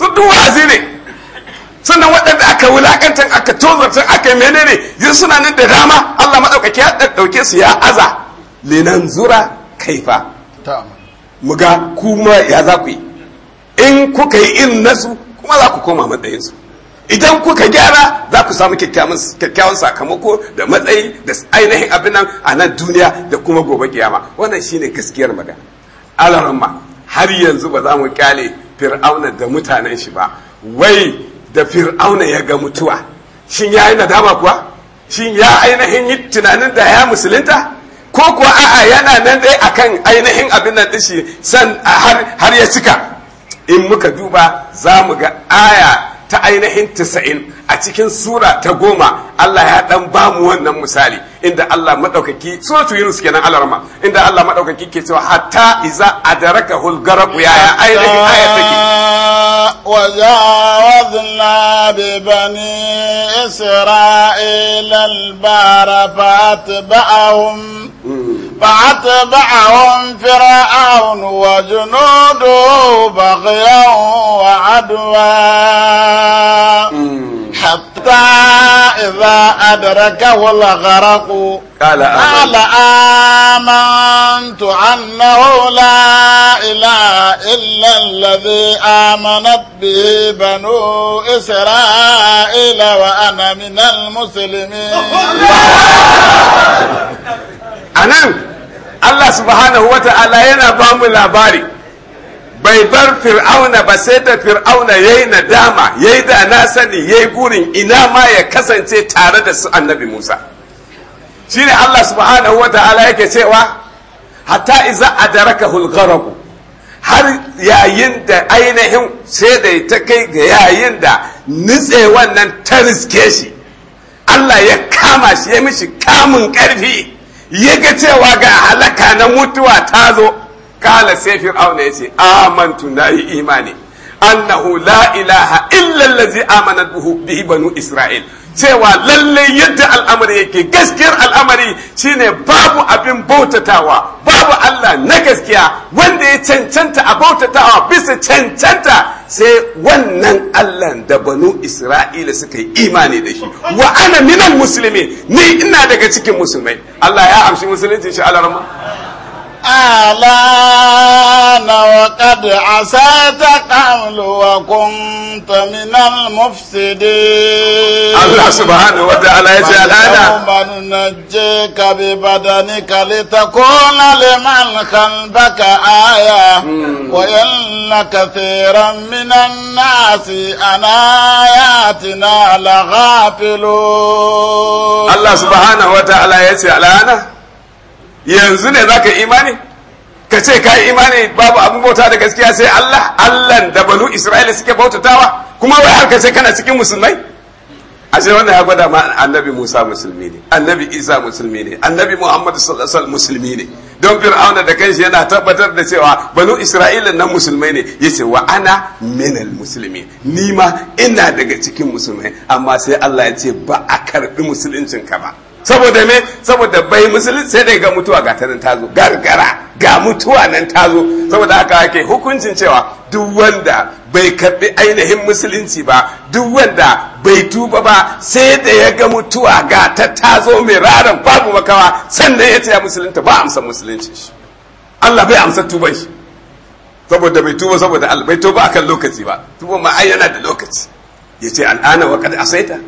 su duwazi ne sannan waɗanda aka wulaƙantar aka tozartar aka yi menene yin suna nan da dama allah maɗaukaki ya ɗauke su ya aza linan zura kaifa mu ga kuma ya za ku yi in kuka yi in nasu kuma za ku koma matsayinsu idan kuka gyara za ku samu kyakkyawan sakamako da matsayi da ainihin abin nan a nan duniya da kuma gobe kiyama wannan shine gaskiyar magana alaramma har yanzu ba za mu kyale fir'auna da mutanen shi ba wai da fir'auna ya ga mutuwa shin ya yi nadama kuwa shin ya ainihin yi tunanin da ya musulunta ko kuwa a'a yana nan dai akan ainihin abin nan dishi san har ya cika in muka duba za mu ga aya ta ainihin 90 a cikin sura ta goma Allah ya dan ba mu wannan misali inda Allah madaukaki suratu yunus kenan alarma inda Allah madaukaki ke cewa hatta iza adaraka hul garab ya ya ainihin aya take wa ja'adna bi bani isra'ila al-bara fatba'ahum فأتبعهم فرعون وجنوده بغيا وعدوا حتى إذا أدركه الغرق قال آمنت, قال آمنت أنه لا إله إلا الذي آمنت به بنو إسرائيل وأنا من المسلمين أنا الله سبحانه وتعالى ينبغي labari bai bar fir'auna ba sai da fir'auna ya yi nadama ya yi da na sani ya yi gurin ina ma ya kasance tare da su annabi musa shi ne allah subhanahu wa ta'ala yake cewa hatta iza daraka hulgarabu har yayin da ainihin sai da ta kai ga yayin da nitse wannan ta riske shi allah ya kama shi ya mishi kamun karfi ya ga cewa ga halaka na mutuwa ta zo kala sai fir'auna yace amantu nayi imani annahu la ilaha illa allazi amanat bihi banu isra'il cewa lalle yadda al'amari yake gaskiyar al'amari shine babu abin bautatawa babu Allah na gaskiya wanda ya cancanta a bautatawa bisa cancanta sai wannan Allah da banu Isra'ila suka yi imani da shi wa ana minan musulmi ni ina daga cikin musulmai Allah ya amshi musulunci shi alarma آلان وقد عسيت قبل وكنت من المفسدين الله سبحانه وتعالى يجعلنا يوم ننجيك ببدنك لتكون لمن خلفك آية وإن كثيرا من الناس عن آياتنا لغافلون الله سبحانه وتعالى يجعلنا yanzu ne za ka yi imani ka ce ka yi imani babu abin bauta da gaskiya sai Allah Allah da banu Isra'ila suke bautatawa kuma wai har ka ce kana cikin musulmai ashe wannan ya gwada ma annabi Musa musulmi ne annabi Isa musulmi ne annabi Muhammad sallallahu alaihi musulmi ne don Fir'auna da kanshi yana tabbatar da cewa banu Isra'ila nan musulmai ne yace wa ana minal muslimin ni ma ina daga cikin musulmai amma sai Allah ya ce ba a karbi ka ba saboda me saboda bai musulun sai dai ga mutuwa ga ta nan ta zo gargara ga mutuwa nan ta zo saboda haka ake hukuncin cewa duk wanda bai karbi ainihin musulunci ba duk wanda bai tuba ba sai da ya ga mutuwa ga ta ta zo mai raran babu makawa sannan ya ce ya musulunta ba amsa musulunci shi Allah bai amsa tuban shi saboda bai tuba saboda Allah bai tuba akan lokaci ba tuba ma ai yana da lokaci yace al'ana wa qad asaita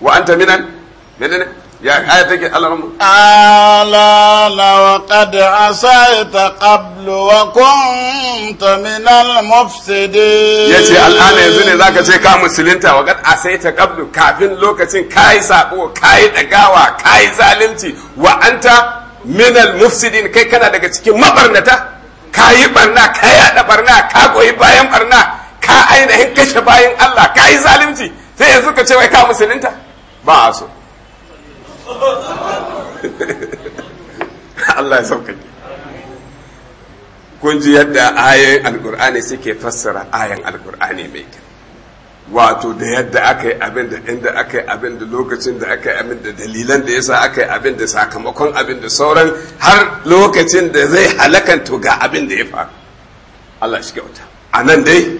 wa anta minan menene ya aya take alarmu ala la wa asaita qablu wa kunta min mufsidin yace al'ana yanzu ne zaka ce ka musulunta wa qad asaita qablu kafin lokacin kai sabo kai dagawa kai zalunci wa anta minal mufsidin kai kana daga cikin mabarnata kai barna kai yada barna ka koyi bayan barna ka ainihin kashe bayan Allah kai zalunci sai yanzu ka ce wai ka musulunta ba so Allah ya ki. kun ji yadda Al-Qur'ani suke fassara ayan al Al-Qur'ani mai kyau wato da yadda aka yi abin da inda aka yi abin da lokacin da aka yi abin da dalilan da yasa aka yi abin da sakamakon abin da sauran har lokacin da zai to ga abin da ya faru Allah shi kyauta a nan dai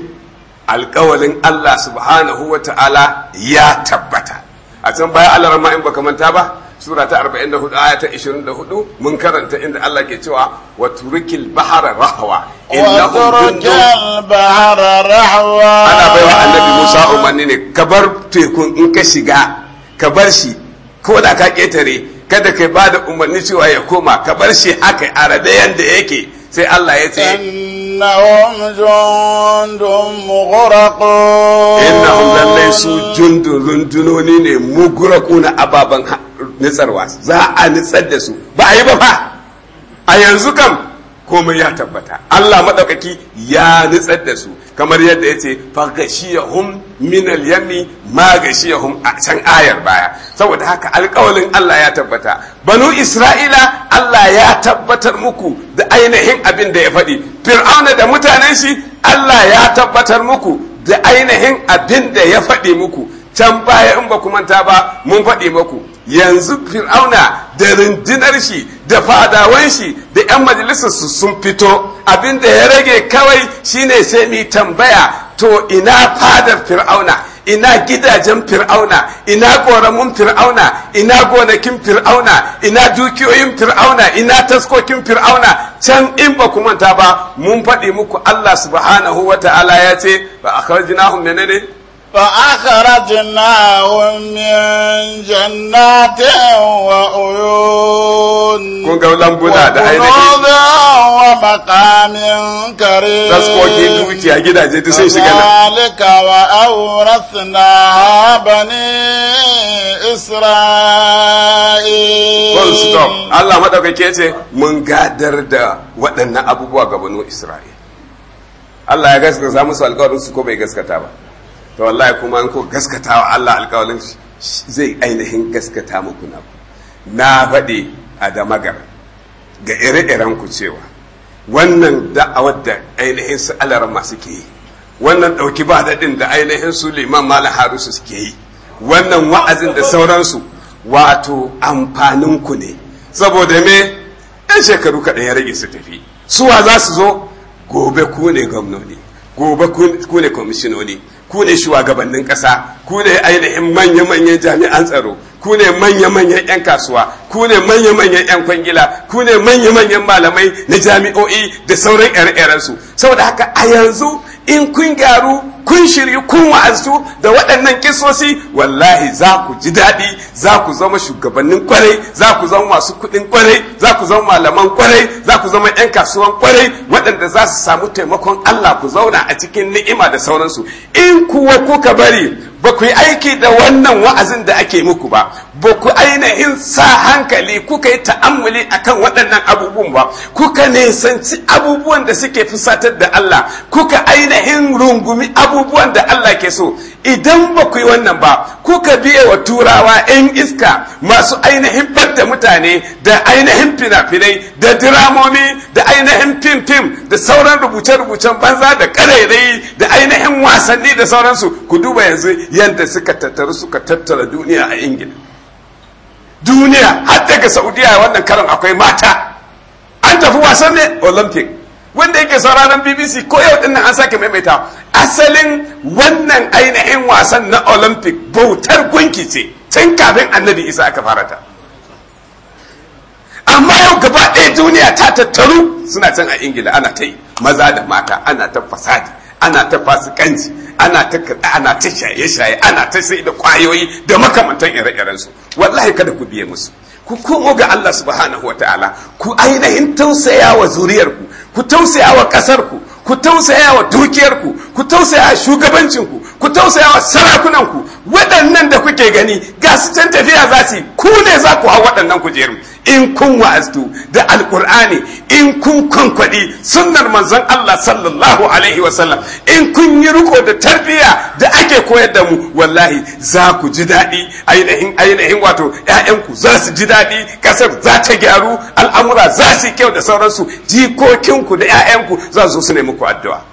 alkawalin Allah subhanahu wa ta'ala ya tabbata a can baya Allah rama in baka manta ba sura ta 44 aya ta 24 mun karanta inda Allah ke cewa wa turikil bahar rahwa innahum bahar rahwa ana baiwa annabi Musa umanni ne ka bar tekun in ka shiga ka bar shi ko da ka ketare kada kai bada umarni cewa ya koma ka bar shi haka a da yanda yake sai Allah ya ce innahum jundun mughraqun innahum lallai su jundun rundunoni ne mughraquna ababan nitsarwa za a nitsar da su ba a yi ba a yanzu kam komai ya tabbata Allah madaukaki ya nitsar da su kamar yadda ya ce fagashiyahum min al-yami ma gashiyahum a can ayar baya saboda haka alkawalin Allah ya tabbata banu isra'ila Allah ya tabbatar muku da ainihin abin da ya faɗi fir'auna da mutanen shi Allah ya tabbatar muku da ainihin abin da ya faɗi muku can baya in ba ku manta ba mun faɗi maku yanzu fir'auna da rundunar shi da fadawan shi da 'yan su sun fito abin da ya rage kawai shine sai mu tambaya to ina fadar fir'auna ina gidajen fir'auna ina ƙoramun fir'auna ina gonakin fir'auna ina dukiyoyin fir'auna ina taskokin fir'auna can in ba ku manta ba mun faɗi muku allah subhanahu wa ta'ala ya ce ba a menene فأخرجناهم من جنات وعيون وقلوب ومقام كريم ذلك وأورثنا بني إسرائيل Allah maɗaukake ce mun gadar da waɗannan abubuwa ga banu Isra'il. Allah ya gaskata musu alƙawarinsu ko bai gaskata ba. to wallahi kuma an ko gaskata wa Allah alƙawalin zai ainihin gaskata muku na ku na faɗi a damagar ga ire-iren ku cewa wannan da'awar da ainihin su alarma suke yi wannan ɗauki ba daɗin da ainihin su liman malam harusu suke yi wannan wa'azin da sauransu wato amfanin ku ne saboda me ɗan shekaru kaɗan ya rage su tafi suwa za su zo gobe ku ne gwamnoni gobe ku ne kwamishinoni ku ne shugabannin ƙasa ku ne ainihin manya-manyan jami'an tsaro ku ne manya-manyan 'yan kasuwa ku ne manya-manyan 'yan kwangila ku ne manya-manyan malamai na jami'o'i da sauran 'yar'yaransu saboda haka a yanzu in kun gyaru kun shiryu kun wa'azu da waɗannan kisosi wallahi za ku ji daɗi za ku zama shugabannin kwarai za ku zama masu kuɗin kwarai za ku zama malaman kwarai za ku zama 'yan kasuwan kwarai waɗanda za su samu taimakon Allah ku zauna a cikin ni'ima da sauransu in kuwa kuka bari ba ku yi aiki da wannan wa'azin da ake muku ba ba ku ainihin sa hankali kuka yi a akan waɗannan abubuwan ba kuka nisanci abubuwan da suke fusatar da Allah kuka ainihin rungumi abubuwan da Allah ke so idan ba ku yi wannan ba kuka biya wa turawa 'yan iska masu ainihin da mutane da ainihin fina-finai da diramomi da ainihin fim-fim da sauran rubuce-rubucen banza da ƙarairayi da ainihin wasanni da sauransu ku duba yanzu yadda suka tattaru suka tattara duniya a ingila duniya har daga saudiya wannan karan akwai mata an tafi wasan ne olympic wanda yake sauraron bbc ko yau din nan an sake maimaita asalin wannan ainihin wasan na olympic bautar gunki ce tun kafin annabi isa aka fara ta amma yau gaba ɗaya duniya ta tattaru suna can a ingila ana ta yi maza da mata ana ta fasadi ana ta fasikanci ana ta ana ta shaye-shaye ana ta sai da kwayoyi da makamantan ire-iren su wallahi kada ku biye musu ku komo ga Allah subhanahu wa ta'ala ku ainihin tausaya wa zuriyarku ku tausaya wa ƙasarku ku tausaya wa dukiyarku ku tausaya wa shugabancinku ku tausaya wa ku waɗannan da kuke gani ga su can tafiya za su ku ne za ku hau waɗannan kujeru in kun wa'aztu da alkur'ani in kun kwankwadi sunnar manzon Allah sallallahu alaihi wa sallam, in kun yi riko da tarbiyya da ake koyar da mu wallahi za ku ji daɗi ainihin ainihin wato ƴaƴanku za su ji daɗi ƙasar za ta gyaru al'amura za su kyau da sauransu jikokinku da ƴaƴanku za su zo su nemi ku addu'a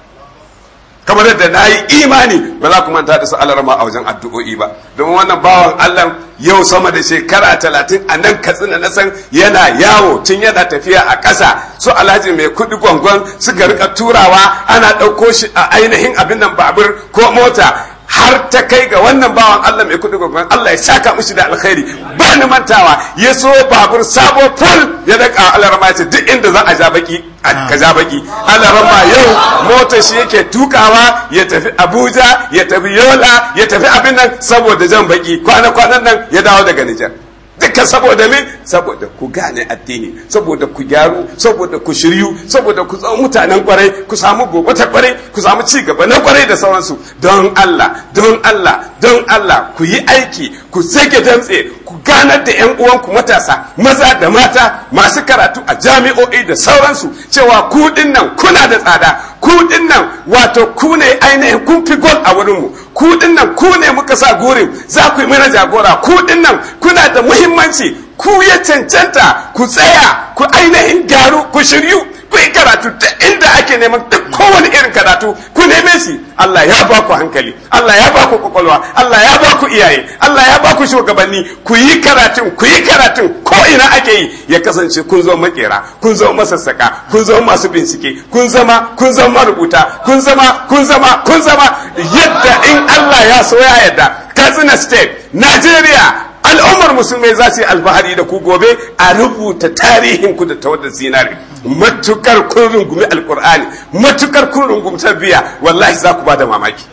kamar yadda na yi imani ba za ku manta da su alarma a wajen addu'o'i ba domin wannan bawan allah yau sama da shekara talatin a nan katsina na san yana yawo tun yana tafiya a ƙasa su alhaji mai kuɗi gwangwan suka rika turawa ana ɗauko shi a ainihin abin nan babur ko mota har ta kai ga wannan bawan Allah mai kudi gwagwan Allah ya shaka mushi da alkhairi ba ni mantawa ya so babur sabo ful ya daka alarma ce duk inda za a ja baki ka ja baki alarma yau motar shi yake tukawa ya tafi Abuja ya tafi Yola ya tafi abin nan saboda jan baki kwana kwanan nan ya dawo daga Nijar dukkan saboda min saboda ku gane addini saboda ku gyaru saboda ku shiryu saboda ku zama mutanen kwarai ku samu gobe ta kwarai ku samu ci gaba na kwarai da sauransu don Allah don Allah don Allah ku yi aiki ku sake dantse ku ganar da yan uwanku matasa maza da mata masu karatu a jami'o'i da sauransu cewa ku nan kuna da tsada ku nan wato ku ne ainihin kun fi gol a wurinmu ku nan ku ne muka sa gurin za ku yi mana jagora ku nan kuna da muhimmanci ku ya cancanta ku tsaya ku ainihin gyaru ku shiryu ku yi karatu ta inda ake neman duk kowane irin karatu ku neme shi Allah ya ba ku hankali Allah ya ba ku kwakwalwa Allah ya ba ku iyaye Allah ya ba ku shugabanni ku yi karatun ku yi karatun ko ina ake yi ya kasance kun zo makera kun zo masassaka kun zo masu bincike kun zama kun zama rubuta kun zama kun zama kun zama yadda in Allah ya soya ya yadda Katsina State Nigeria al'ummar musulmai za su yi alfahari da ku gobe a rubuta tarihin ku da tawadda zinari matukar kurin gumi alkur'ani matukar kurin rungumta biya wallahi za ku ba da mamaki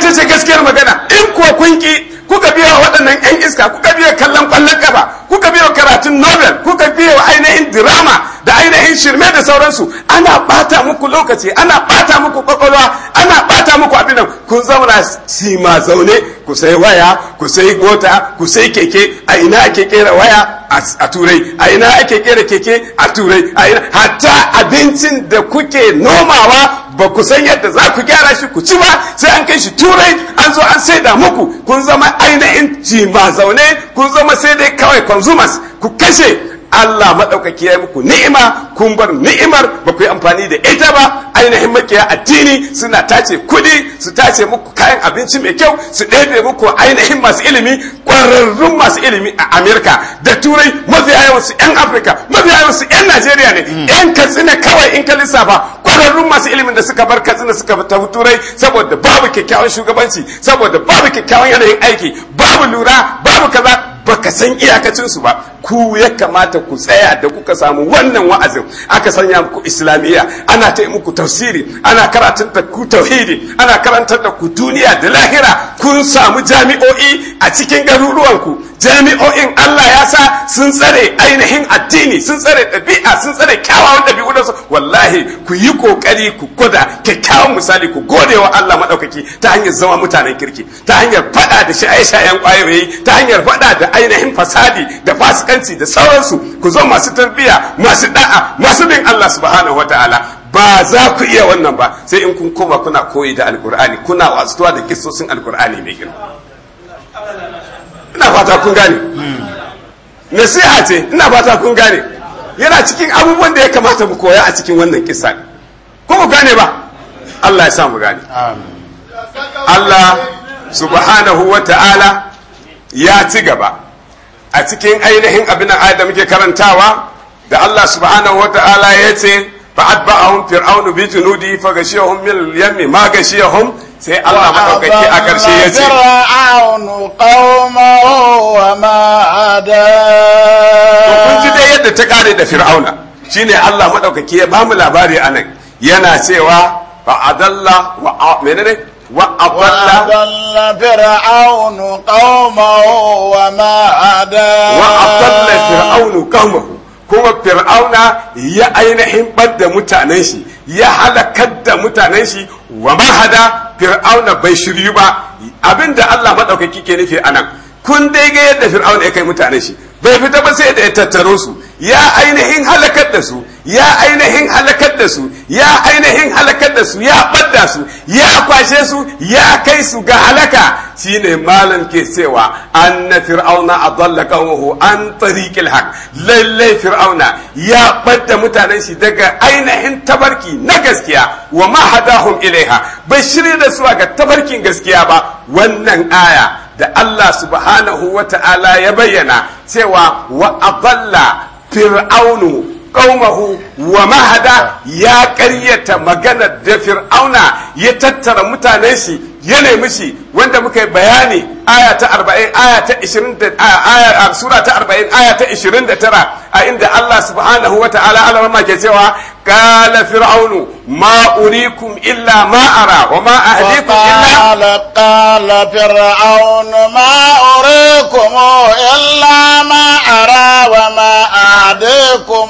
ce ce gaskiyar magana in kuwa kun kuka biya waɗannan 'yan iska kuka biya kallon kwallon kafa kuka biya karatun novel kuka biya ainihin drama da ainihin shirme da sauransu ana bata muku lokaci ana bata muku kwakwalwa ana bata muku abin ku zauna si ma zaune ku sai waya ku sai gota ku sai keke a ina ake kera waya a turai a ina ake kera keke a turai a ina hatta abincin da kuke nomawa ba ku san yadda za ku gyara shi ku ci ba sai an kai shi turai an zo an saida muku kun zama ainihin ba zaune kun zama sai dai kawai consumers ku kashe Allah maɗaukaki ya yi muku ni'ima kun bar ni'imar ba ku yi amfani da ita ba ainihin makiya addini suna tace kudi su tace muku kayan abinci mai kyau su ɗebe muku ainihin masu ilimi ƙwararrun masu ilimi a Amerika da turai mafi yawan su 'yan Afirka mafi yawan su 'yan Najeriya ne 'yan katsina kawai in ka lissafa ƙwararrun masu ilimin da suka bar katsina suka tafi turai saboda babu kyakkyawan shugabanci saboda babu kyakkyawan yanayin aiki babu lura babu kaza baka san iyakacinsu ba ku ya kamata ku tsaya da kuka samu wannan wa'azin aka sanya muku islamiyya ana ta muku tafsiri ana karatun da ku tauhidi ana karantar da ku duniya da lahira kun samu jami'o'i a cikin garuruwanku jami'o'in Allah ya sa sun tsare ainihin addini sun tsare ɗabi'a sun tsare kyawawan ɗabi'u da su wallahi ku yi ƙoƙari ku gwada kyakkyawan misali ku gode wa Allah maɗaukaki ta hanyar zama mutanen kirki ta hanyar faɗa da shaye-shayen ƙwayoyi ta hanyar faɗa da ainihin fasadi da fasikanci da sauransu ku zo masu tarbiyya masu da'a masu bin Allah subhanahu ta'ala ba za ku iya wannan ba sai in kun koma kuna koyi da alkur'ani kuna wasuwa da kisosin alkur'ani mai girma ina fata kun gane hmm. nasiha ce ina fata kun gane yana cikin abubuwan da ya kamata mu koya a cikin wannan kisa ko mu gane ba Allah ya sa mu gane Allah subhanahu wa ta'ala ya ci gaba a cikin ainihin abin da muke karantawa da Allah subhanahu wa ta'ala ya ce fa'adba'ahum fir'aunu bi junudi fa gashiyahum min yammi ma gashiyahum sai Allah madaukaki a ƙarshe ya ce fir'aunu kun ji dai yadda ta kare da fir'auna shine Allah madaukaki ya ba mu labari anan yana cewa fa adalla wa menene wa adalla fir'aunu qaumahu wa ma ada wa adalla fir'aunu qaumahu kuma fir'auna ya ainihin ɓadda mutanen shi ya halakar da mutanen shi wa hada fir'auna bai shiryu ba abinda Allah madaukaki ke nufi anan kun dai ga yadda fir'auna ya kai mutane shi bai fita ba sai da ya tattaro su ya ainihin halakar da su ya ainihin halakar da su ya ainihin halakar da su ya ɓadda su ya kwashe su ya kai su ga halaka shine malam ke cewa na fir'auna adalla qawmuhu an tariqil haq lalle fir'auna ya ɓadda mutanen shi daga ainihin tabarki na gaskiya wa ma hadahum ilaiha bai shirya da su ga tabarkin gaskiya ba wannan aya da Allah subhanahu wa ta'ala ya bayyana cewa wa adalla fir'aunu kaumahu wa mahada ya ƙaryata magana da fir'auna ya tattara mutanen shi ya nemi shi wanda muka yi bayani aya ta 40 aya ta 20 da aya sura ta 40 aya ta 29 a inda Allah subhanahu wata'ala alama ke cewa kala fir'aunu ma urikum illa ma ara wa ma ahdikum illa kala fir'aunu ma illa ma ara ma ahdikum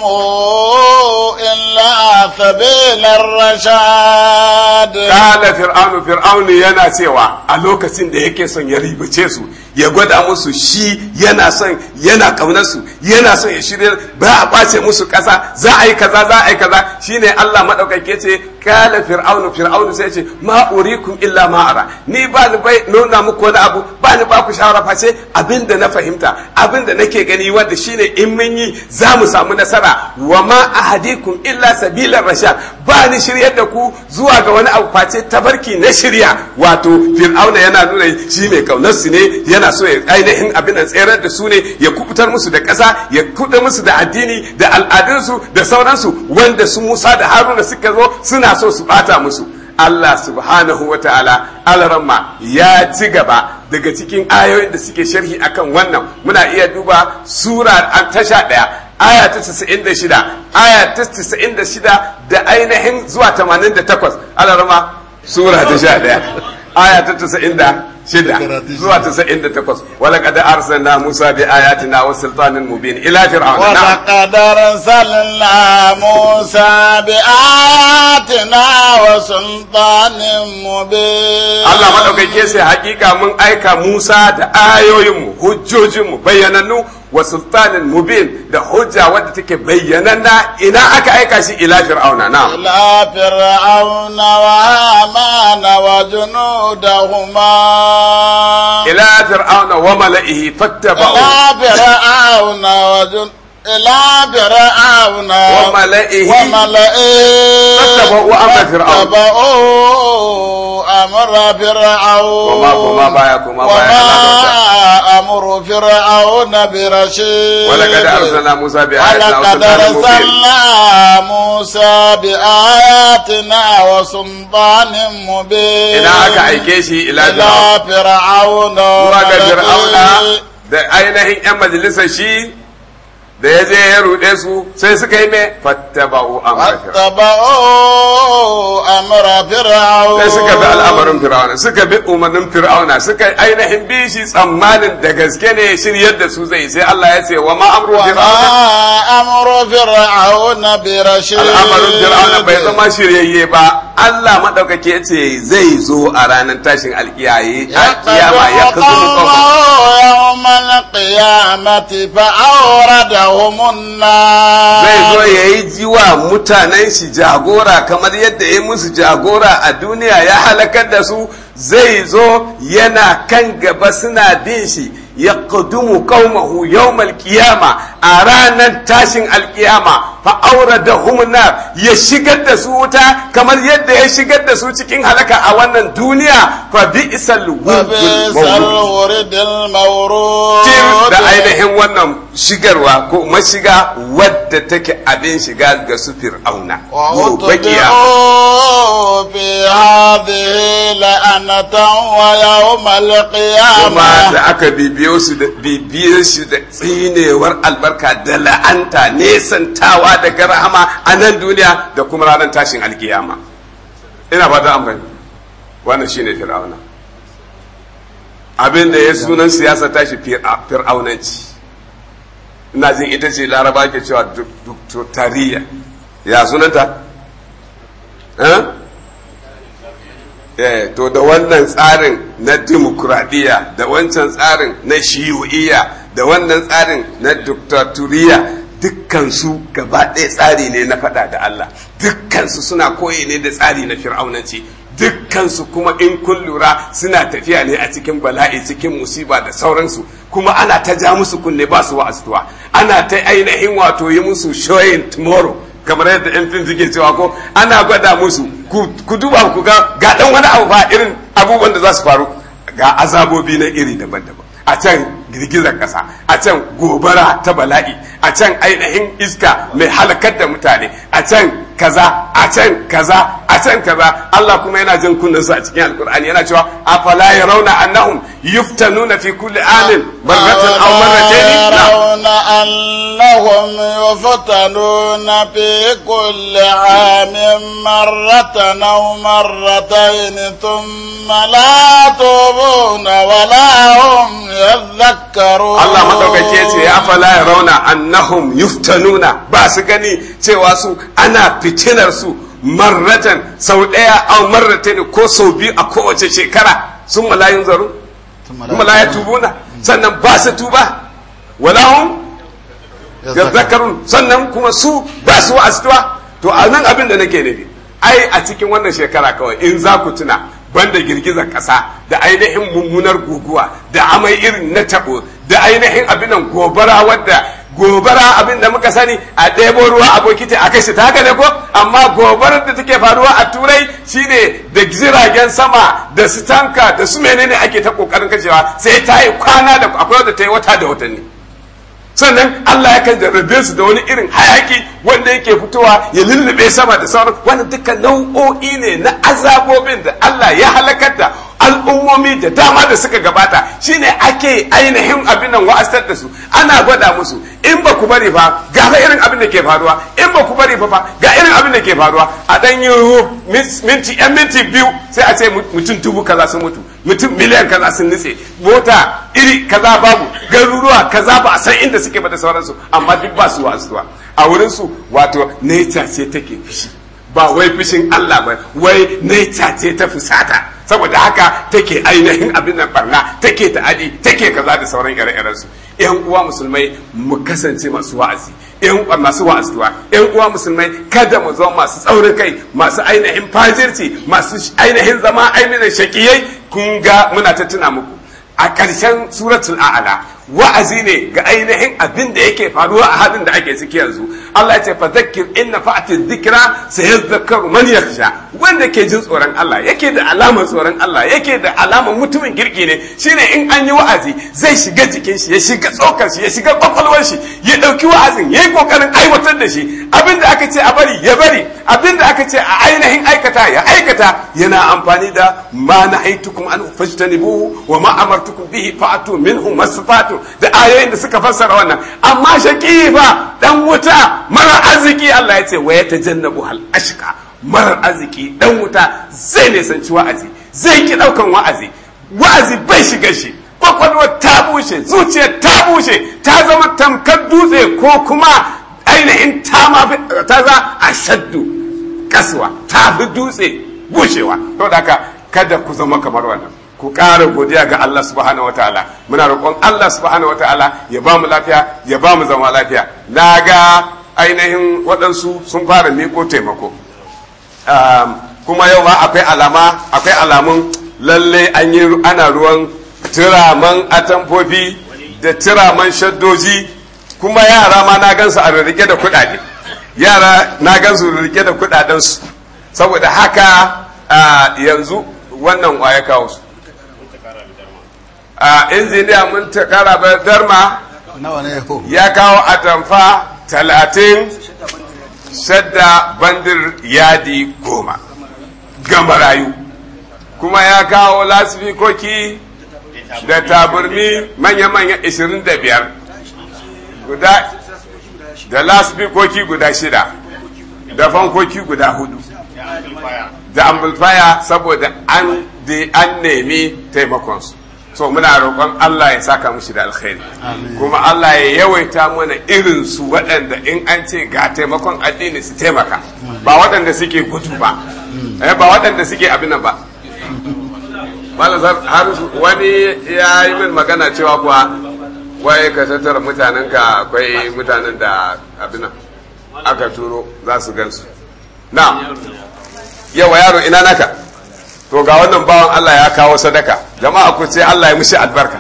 illa sabil arshad kala fir'aunu fir'aunu yana cewa a lokacin da yake son ya ribi umurce su ya gwada musu shi yana son yana kaunar su yana son ya shirya ba a kwace musu kasa za a yi kaza za a yi kaza shine Allah madaukake ce kala fir'aunu fir'aunu sai ce ma urikum illa ma ara ni ba ni bai nuna muku wani abu ba ni ba ku shawara face abinda na fahimta abinda nake gani wanda shine in mun yi za mu samu nasara wa ma ahadikum illa sabilar rashad ba ni shiryar da ku zuwa ga wani abu face tabarki na shirya wato fir'auna yana nuna shi mai kaunar su ne yana so ya ainihin abin da tserar da su ne ya kubutar musu da ƙasa ya kuɗa musu da addini da al'adunsu da sauransu wanda su musa da haruna suka zo suna so su ɓata musu Allah subhanahu wa ta'ala alramma ya ci gaba daga cikin ayoyin da suke sharhi akan wannan muna iya duba sura an tasha ɗaya aya ta 96 aya ta 96 da ainihin zuwa 88 alramma sura ta 11 aya ta 90 shida zuwa 98 wala kada arsalna musa bi ayatina wa sultanin mubin ila fir'auna wala kada arsalna musa bi ayatina wa sultanin mubin Allah madaukake sai hakika mun aika Musa da ayoyin mu hujjojin mu bayyanannu wa sultanin mubin da hujja wadda take na ina aka aika shi ila fir'auna na ila fir'auna wa amana wa junudahuma ila fir'auna wa mala'ihi fattaba'u ila fir'auna wa junudahuma إلى فرعون وملئه وملئه فاتبعوا أمر فرعون فاتبعوا أمر فرعون وما وما بايكم وما أمر فرعون برشيد ولقد أرسلنا موسى بآياتنا ولقد أرسلنا موسى بآياتنا وسلطان مبين إلى أكايكيشي إلى فرعون فرعون فرعون da ainihin 'yan majalisar shi da ya je ya ruɗe su sai suka yi mai fattaba'u amara fir'auna amara sai suka bi al'amarin fir'auna suka bi umarnin fir'auna suka ainihin bi shi tsammanin da gaske ne shiryar da su zai sai Allah ya ce wa ma amru fir'auna amru fir'auna bi rashid al'amarin fir'auna bai zama shiryayye ba Allah madaukake ya ce zai zo a ranar tashin a alkiyama ya kasu mu qawma yawmal qiyamati fa awrada lahumulla zai zo ya yi jiwa mutanen shi jagora kamar yadda ya musu jagora a duniya ya halakar da su zai zo yana kan gaba suna bin shi ya kudumu kaumahu yawmal kiyama a ranar tashin alkiyama fa aura da humunar ya shigar da su wuta kamar yadda ya shigar da su cikin halaka a wannan duniya fa bi isal wurdul da ainihin wannan shigarwa ko mashiga wadda take abin shiga ga su fir'auna bakiya fi hadhihi la'anatan wa yawm alqiyama kuma da aka bibiyo su da bibiyo shi da tsinewar albarka albarka da la'anta nesantawa daga rahama a nan duniya da kuma ranar tashin alkiyama ina ba da amfani wannan shine fir'auna abin da ya sunan siyasa tashi fir'aunanci ina jin ita ce laraba ke cewa doktoriya ya sunanta eh Eh, to da wannan tsarin na dimokuraɗiyya da wancan tsarin na shiyu'iyya da wannan tsarin na diktaturiyya dukkansu gaba ɗaya tsari ne na faɗa da Allah dukkansu suna koyi ne da tsari na fir'aunanci dukkansu kuma in kun lura suna tafiya ne a cikin bala'i cikin musiba da sauransu kuma ana ta ja musu kunne ba su wa'azuwa ana ta ainihin wato yi musu showing tomorrow kamar yadda yan fin suke cewa ko ana gwada musu ku duba ku ga ga dan wani abu ba irin abubuwan da za su faru ga azabobi na iri daban-daban a can girgizar ƙasa a can gobara ta bala'i a can ainihin iska mai halakar da mutane a can kaza a can kaza a can kaza Allah kuma yana jin kunnen su a cikin alkur'ani yana cewa afala yarawna annahum yuftanuna fi kulli amin barratan aw marratayn yarawna annahum yuftanuna fi kulli amin marratan aw marratayn thumma la tubuna wa la hum yadhakkarun Allah madaukake ya ce afala yarawna annahum yuftanuna ba su gani cewa su ana fitinar su marratan sau ɗaya a marratan ko sau biyu a kowace shekara sun malayin zaro malaya tubuna sannan ba su tuba ya zakarun sannan kuma su ba su asituwa to a nan abin da nake nufi ai a cikin wannan shekara kawai in za ku tuna banda girgizar ƙasa da ainihin mummunar guguwa da amai irin na tabo da ainihin abinan gobara wadda gobara abin da muka sani a ɗebo ruwa a bokiti a kai shi ta haka ne ko amma gobarar da take faruwa a turai shine da jiragen sama da su tanka da su menene ake ta kokarin kashewa sai ta yi kwana da akwai da ta yi wata da watanni sannan Allah ya kan jarrabe su da wani irin hayaki wanda yake fitowa ya lullube sama da sauran wani duka nau'o'i ne na azabobin da Allah ya halakar da al'ummomi da dama da suka gabata shine ake ainihin abin nan wa'astar da su ana gwada musu in ba ku bari fa ga irin abin da ke faruwa in ba ku bari fa fa ga irin abin da ke faruwa a dan yi minti yan minti biyu sai a ce mutum dubu kaza sun mutu mutum miliyan kaza sun nutse mota iri kaza babu garuruwa kaza ba a san inda suke ba da sauransu amma duk ba su wa'azuwa a wurin su wato nature ce take fushi ba wai fushin Allah ba wai nature ce ta fusata saboda haka take ainihin abin nan barna take ta'adi take kaza da sauran ire-iren su yan uwa musulmai mu kasance masu wa'azi yan masu wa'azuwa yan uwa musulmai kada mu zama masu tsaurin kai masu ainihin fajirci masu ainihin zama ainihin shakiyai kun ga muna ta tuna muku a ƙarshen suratul a'ala wa'azi ne ga ainihin abin da yake faruwa a halin da ake ciki yanzu Allah ya ce fadhakkir in nafa'ati dhikra sayadhakkaru man yakhsha wanda ke jin tsoron Allah yake da alamar tsoron Allah yake da alamar mutumin girki ne shine in an yi wa'azi zai shiga jikin shi ya shiga tsokar shi ya shiga kwakwalwar shi ya dauki wa'azin ya yi kokarin aiwatar da shi abin da aka ce a bari ya bari abin da aka ce a ainihin aikata ya aikata yana amfani da ma na'aitukum an fajtanibuhu wa ma amartukum bihi fa'atu minhu masfatu da ayoyin da suka fassara wannan amma shaƙifa fa dan wuta mara arziki Allah ya ce wa jannabu hal halashika mara arziki dan wuta zai nisanci wa'azi zai ki ɗaukan wa'azi wa'azi bai shiga shi kwakwalwar ta bushe zuciyar ta bushe ta zama tamkar dutse ko kuma ainihin ta mafi ta za a shaddu kasuwa ta fi dutse bushewa to da kada ku zama kamar wannan ku ƙara godiya ga Allah subhanahu ta'ala muna roƙon Allah subhanahu ta'ala ya ba mu lafiya ya ba mu zama lafiya na ga ainihin waɗansu sun fara miko taimako kuma yau ma akwai alama akwai alamun lalle an yi ana ruwan tiraman atamfofi da tiraman shaddoji kuma yara ma na gansu a rike da kuɗaɗe yara na gansu rike da kuɗaɗensu saboda haka yanzu wannan ya kawo su a injiniya mun ta kara ba darma ya kawo atamfa talatin shadda bandir yadi goma rayu. kuma ya kawo lasifikoki da taburmi manya-manya 25 guda da lasifikoki guda shida da fankoki guda hudu da amplifier saboda an nemi taimakonsu so muna roƙon Allah ya saka mushi da alkhairi kuma Allah ya yawaita mana irin su waɗanda in an ce ga taimakon addini su taimaka ba waɗanda suke gudu ba mm. eh, ba waɗanda suke abin nan ba wani ya yi min magana cewa kuwa wai ka tattara mutanenka akwai mutanen da abin nan aka turo za su gansu na yawa yaro ina naka to ga wannan bawan Allah ya kawo sadaka jama'a ku ce Allah ya mishi albarka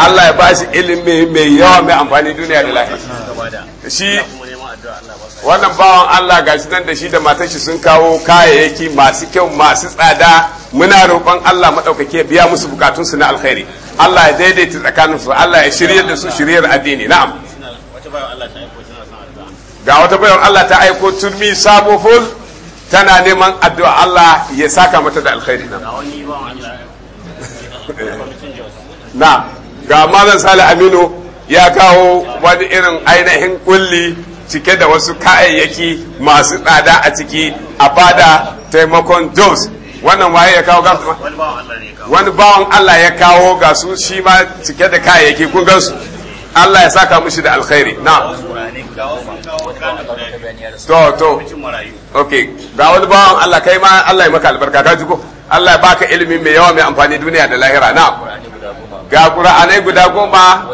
Allah ya bashi ilimi mai yawa mai amfani duniya da lafiya shi wannan bawan Allah ga shi nan da shi da matar shi sun kawo kayayyaki masu kyau masu tsada muna roƙon Allah madaukake biya musu bukatunsu na alkhairi Allah ya daidaita su Allah ya shirya da su shiryar addini na'am ga wata bayan Allah ta aiko turmi sabo full tana neman addu'a Allah ya saka mata da alkhairi na na ga malam sale aminu ya kawo wani irin ainihin kulli cike da wasu kayayyaki masu tsada a ciki a bada taimakon jos wannan waye ya kawo gasu wani bawan Allah ya kawo gasu shi ma cike da kayayyaki kun gasu. Allah ya saka mushi da alkhairi na to to ok ga wani bawan Allah kai ma Allah ya maka albarka ka ji ko Allah ya baka ilimi mai yawa mai amfani duniya da lahira na ga qur'anai guda goma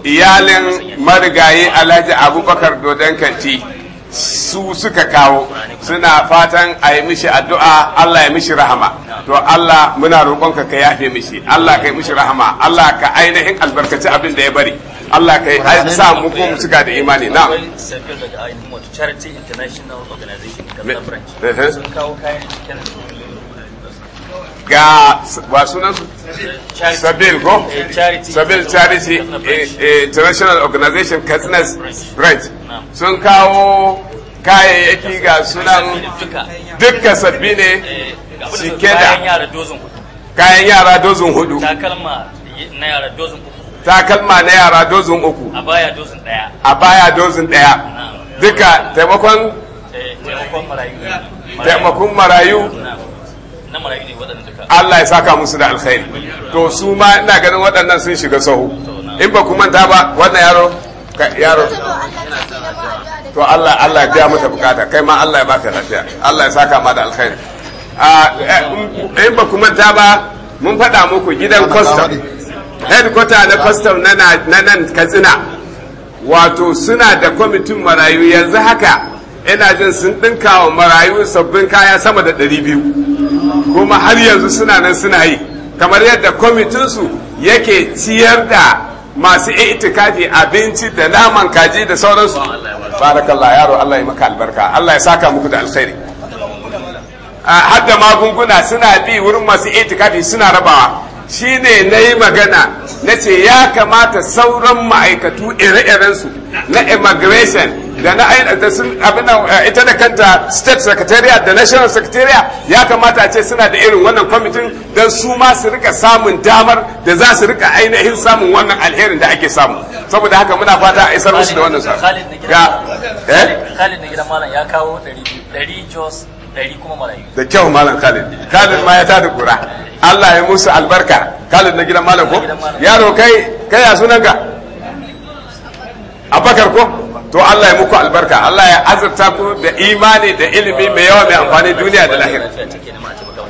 iyalin marigayi Alhaji Abubakar Dodon Kanti su suka kawo suna fatan a yi mishi addu'a Allah ya mishi rahama to Allah muna roƙonka ka yafe mishi Allah ka yi mishi rahama Allah ka ainihin albarkaci abin da ya bari Allah ka yi sa mu ko mu da imani na Charity International Organization eh, eh. sun kawo kayan ga ba sunan su sabil go? sabil charity eh, international organization katsinas right sun kawo kayayyaki ga sunan dukkan sabbi ne cike da kayan yara dozin hudu takalma na yara dozin takalma na yara dozin uku a baya dozin daya a baya dozin daya duka taimakon eh, taimakon marayu Allah ya saka musu da alkhairi to su ma ina ganin waɗannan sun shiga sahu in ba kuma ta ba wannan yaro yaro to Allah Allah ya biya mata bukata kai ma Allah ya baka lafiya Allah ya saka ma da alkhairi ah, eh, in ba kuma ta ba mun faɗa muku gidan custom headquarter na custom na nan katsina wato suna da kwamitin marayu yanzu haka ina jin sun ɗinka wa marayu sabbin kaya sama da 200 kuma har yanzu suna nan suna yi kamar yadda kwamitinsu yake ciyar da masu itikafi abinci da naman kaji da sauransu barakallah yaro Allah ya maka albarka Allah ya saka muku da alkhairi ah, hadda magunguna suna bi wurin masu itikafi suna rabawa shi ne na yi magana na ce ya kamata sauran ma'aikatu ire-irensu na immigration da na aina abin eh, ita da kanta state secretariat da national secretariat ya kamata a ce suna da irin wannan kwamitin don su ma su rika samun damar da za su rika ainihin samun wannan alherin da ake samu saboda haka muna fata a isar musu da wannan sa Khalid na eh? malam ya kawo 100 jos kuma da kyau malam khalid khalid ma ya da kura allah ya musu albarka khalid na gidan malam ko yaro kai kai ya ka abakar ko to allah ya muku albarka allah ya azurta ku da imani da ilimi mai yawa mai amfani duniya da lahira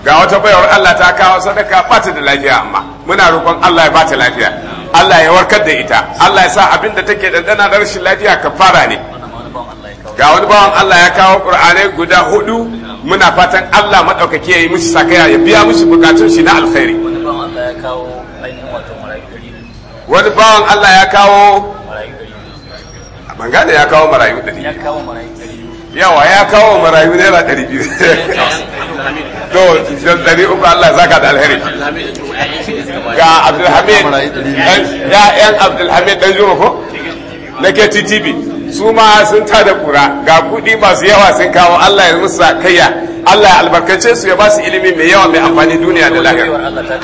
ga wata bayar allah ta kawo sadaka bata da lafiya amma muna roƙon allah ya bata lafiya allah ya warkar da ita allah ya sa abin da take dandana da rashin lafiya kafara ne ga wani bawan allah ya kawo ƙur'anai guda hudu muna fatan Allah ya yi musu sakaya ya biya musu bukatun shi na alkhairi wani bawan Allah ya kawo ainihin wato marayu wani bawan Allah ya kawo ban gane ya kawo marayu ɗari ya kawo marayu yawa ya kawo marayu naira ɗari biyu to ɗari uku Allah zaka da alheri ga Abdulhamid ya'yan Abdulhamid ɗan juma ko na KTTV su ma sun ta da kura ga kuɗi masu yawa sun kawo Allah ya musu kayya Allah ya albarkace su ya ba su ilimi mai yawa mai amfani duniya da lahira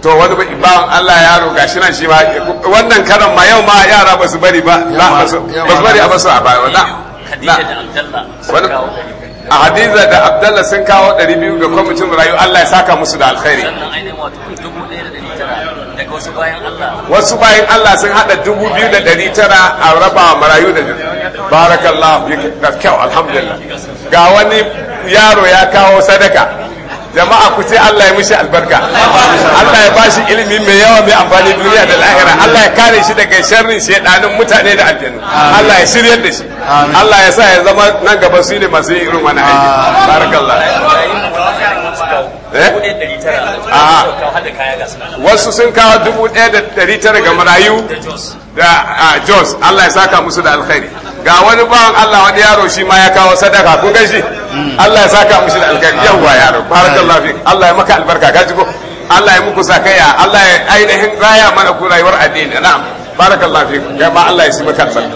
to wani ba Allah ya ro shi nan shi ba wannan karan ma yau ma yara ba su bari ba ba su bari a basu a baya na a hadiza da abdallah sun kawo 200 ga kwamitin rayu Allah ya saka musu da alkhairi wasu bayan Allah wasu bayan Allah sun hada 2900 a raba marayu da barakallahu da kyau alhamdulillah ga wani yaro ya kawo sadaka jama'a ku ce Allah ya mishi albarka Allah ya bashi ilimi mai yawa mai amfani duniya da lahira Allah ya kare shi daga sharrin shedanin mutane da aljanu Allah ya shiryar da shi Allah ya sa ya zama nan gaba su ne masu irin wani aiki barakallahu Eh? wasu sun kawo dubu ɗaya da ɗari tara ga marayu da jos Allah ya saka musu da alkhairi ga wani bawan Allah wani yaro shi ma ya kawo sadaka kun gashi hmm. Allah ya saka musu da alkhairi yawwa yaro barakallahu lafi Allah ya maka albarka ka ji ko Allah ya muku sa sakaya Allah ya ainihin raya mana ku rayuwar addini na'am barakallahu lafi ya ma Allah ya si maka albarka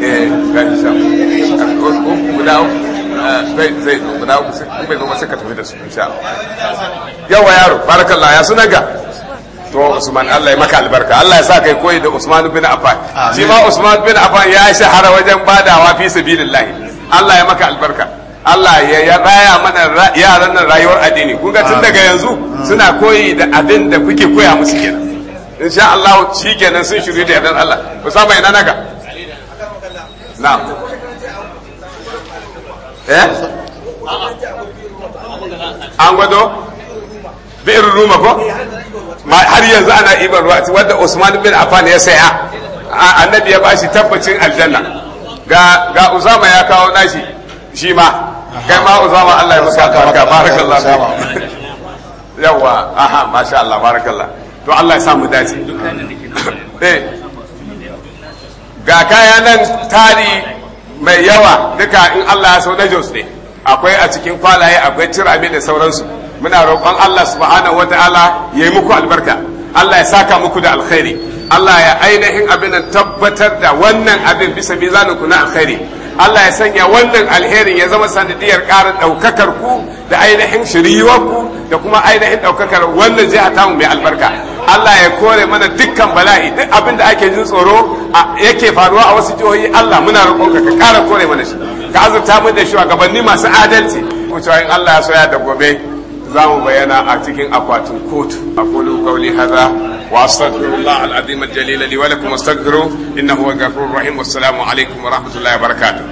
eh ga insha Allah zai zai zo guda uku sai bai zo ba sai ka tafi da su insha Allah yawa yaro barakallah ya sunan ga to Usman Allah ya maka albarka Allah ya sa kai koyi da Usman bin Affan shi ma Usman bin Affan ya shahara wajen badawa fi sabilillah Allah ya maka albarka Allah ya raya mana yaran nan rayuwar addini kun ga tun daga yanzu suna koyi da abin da kuke koya musu kenan insha Allah shi sun shirye da yardan Allah Usama ina naga na'am eh an gwado bi'ir ruma ko har yanzu ana ibar ruwa wadda Usman bin afan ya saya annabi ya bashi tabbacin aljanna ga ga Uzama ya kawo nashi shi ma kai ma Uzama Allah ya musa ka barka barakallahu yawa aha masha Allah barakallah to Allah ya samu dace eh. ga kaya nan tari mai yawa duka in Allah ya sau na Jos ne akwai a cikin kwalaye akwai cirame da sauransu muna roƙon Allah subhanahu wataala ya yi muku albarka Allah ya saka muku da alkhairi Allah ya ainihin abin tabbatar da wannan abin bisa mizanin ku na alkhairi Allah ya sanya wannan alherin ya zama sanadiyar ƙarin ɗaukakar ku da ainihin shiriyuwar ku da kuma ainihin ɗaukakar wannan jiha ta mai albarka Allah ya kore mana dukkan bala'i duk abin da ake jin tsoro yake faruwa a wasu jihohi Allah muna roƙonka ka ƙara kore mana shi ka azurta mu da shi gabanni masu adalci mutuwa in Allah ya soya da gobe za mu bayyana a cikin akwatin kotu aqulu qawli hadha wa astaghfirullah al-azim al-jalil li wa lakum astaghfiru innahu ghafurur rahim wassalamu alaikum wa rahmatullahi wa barakatuh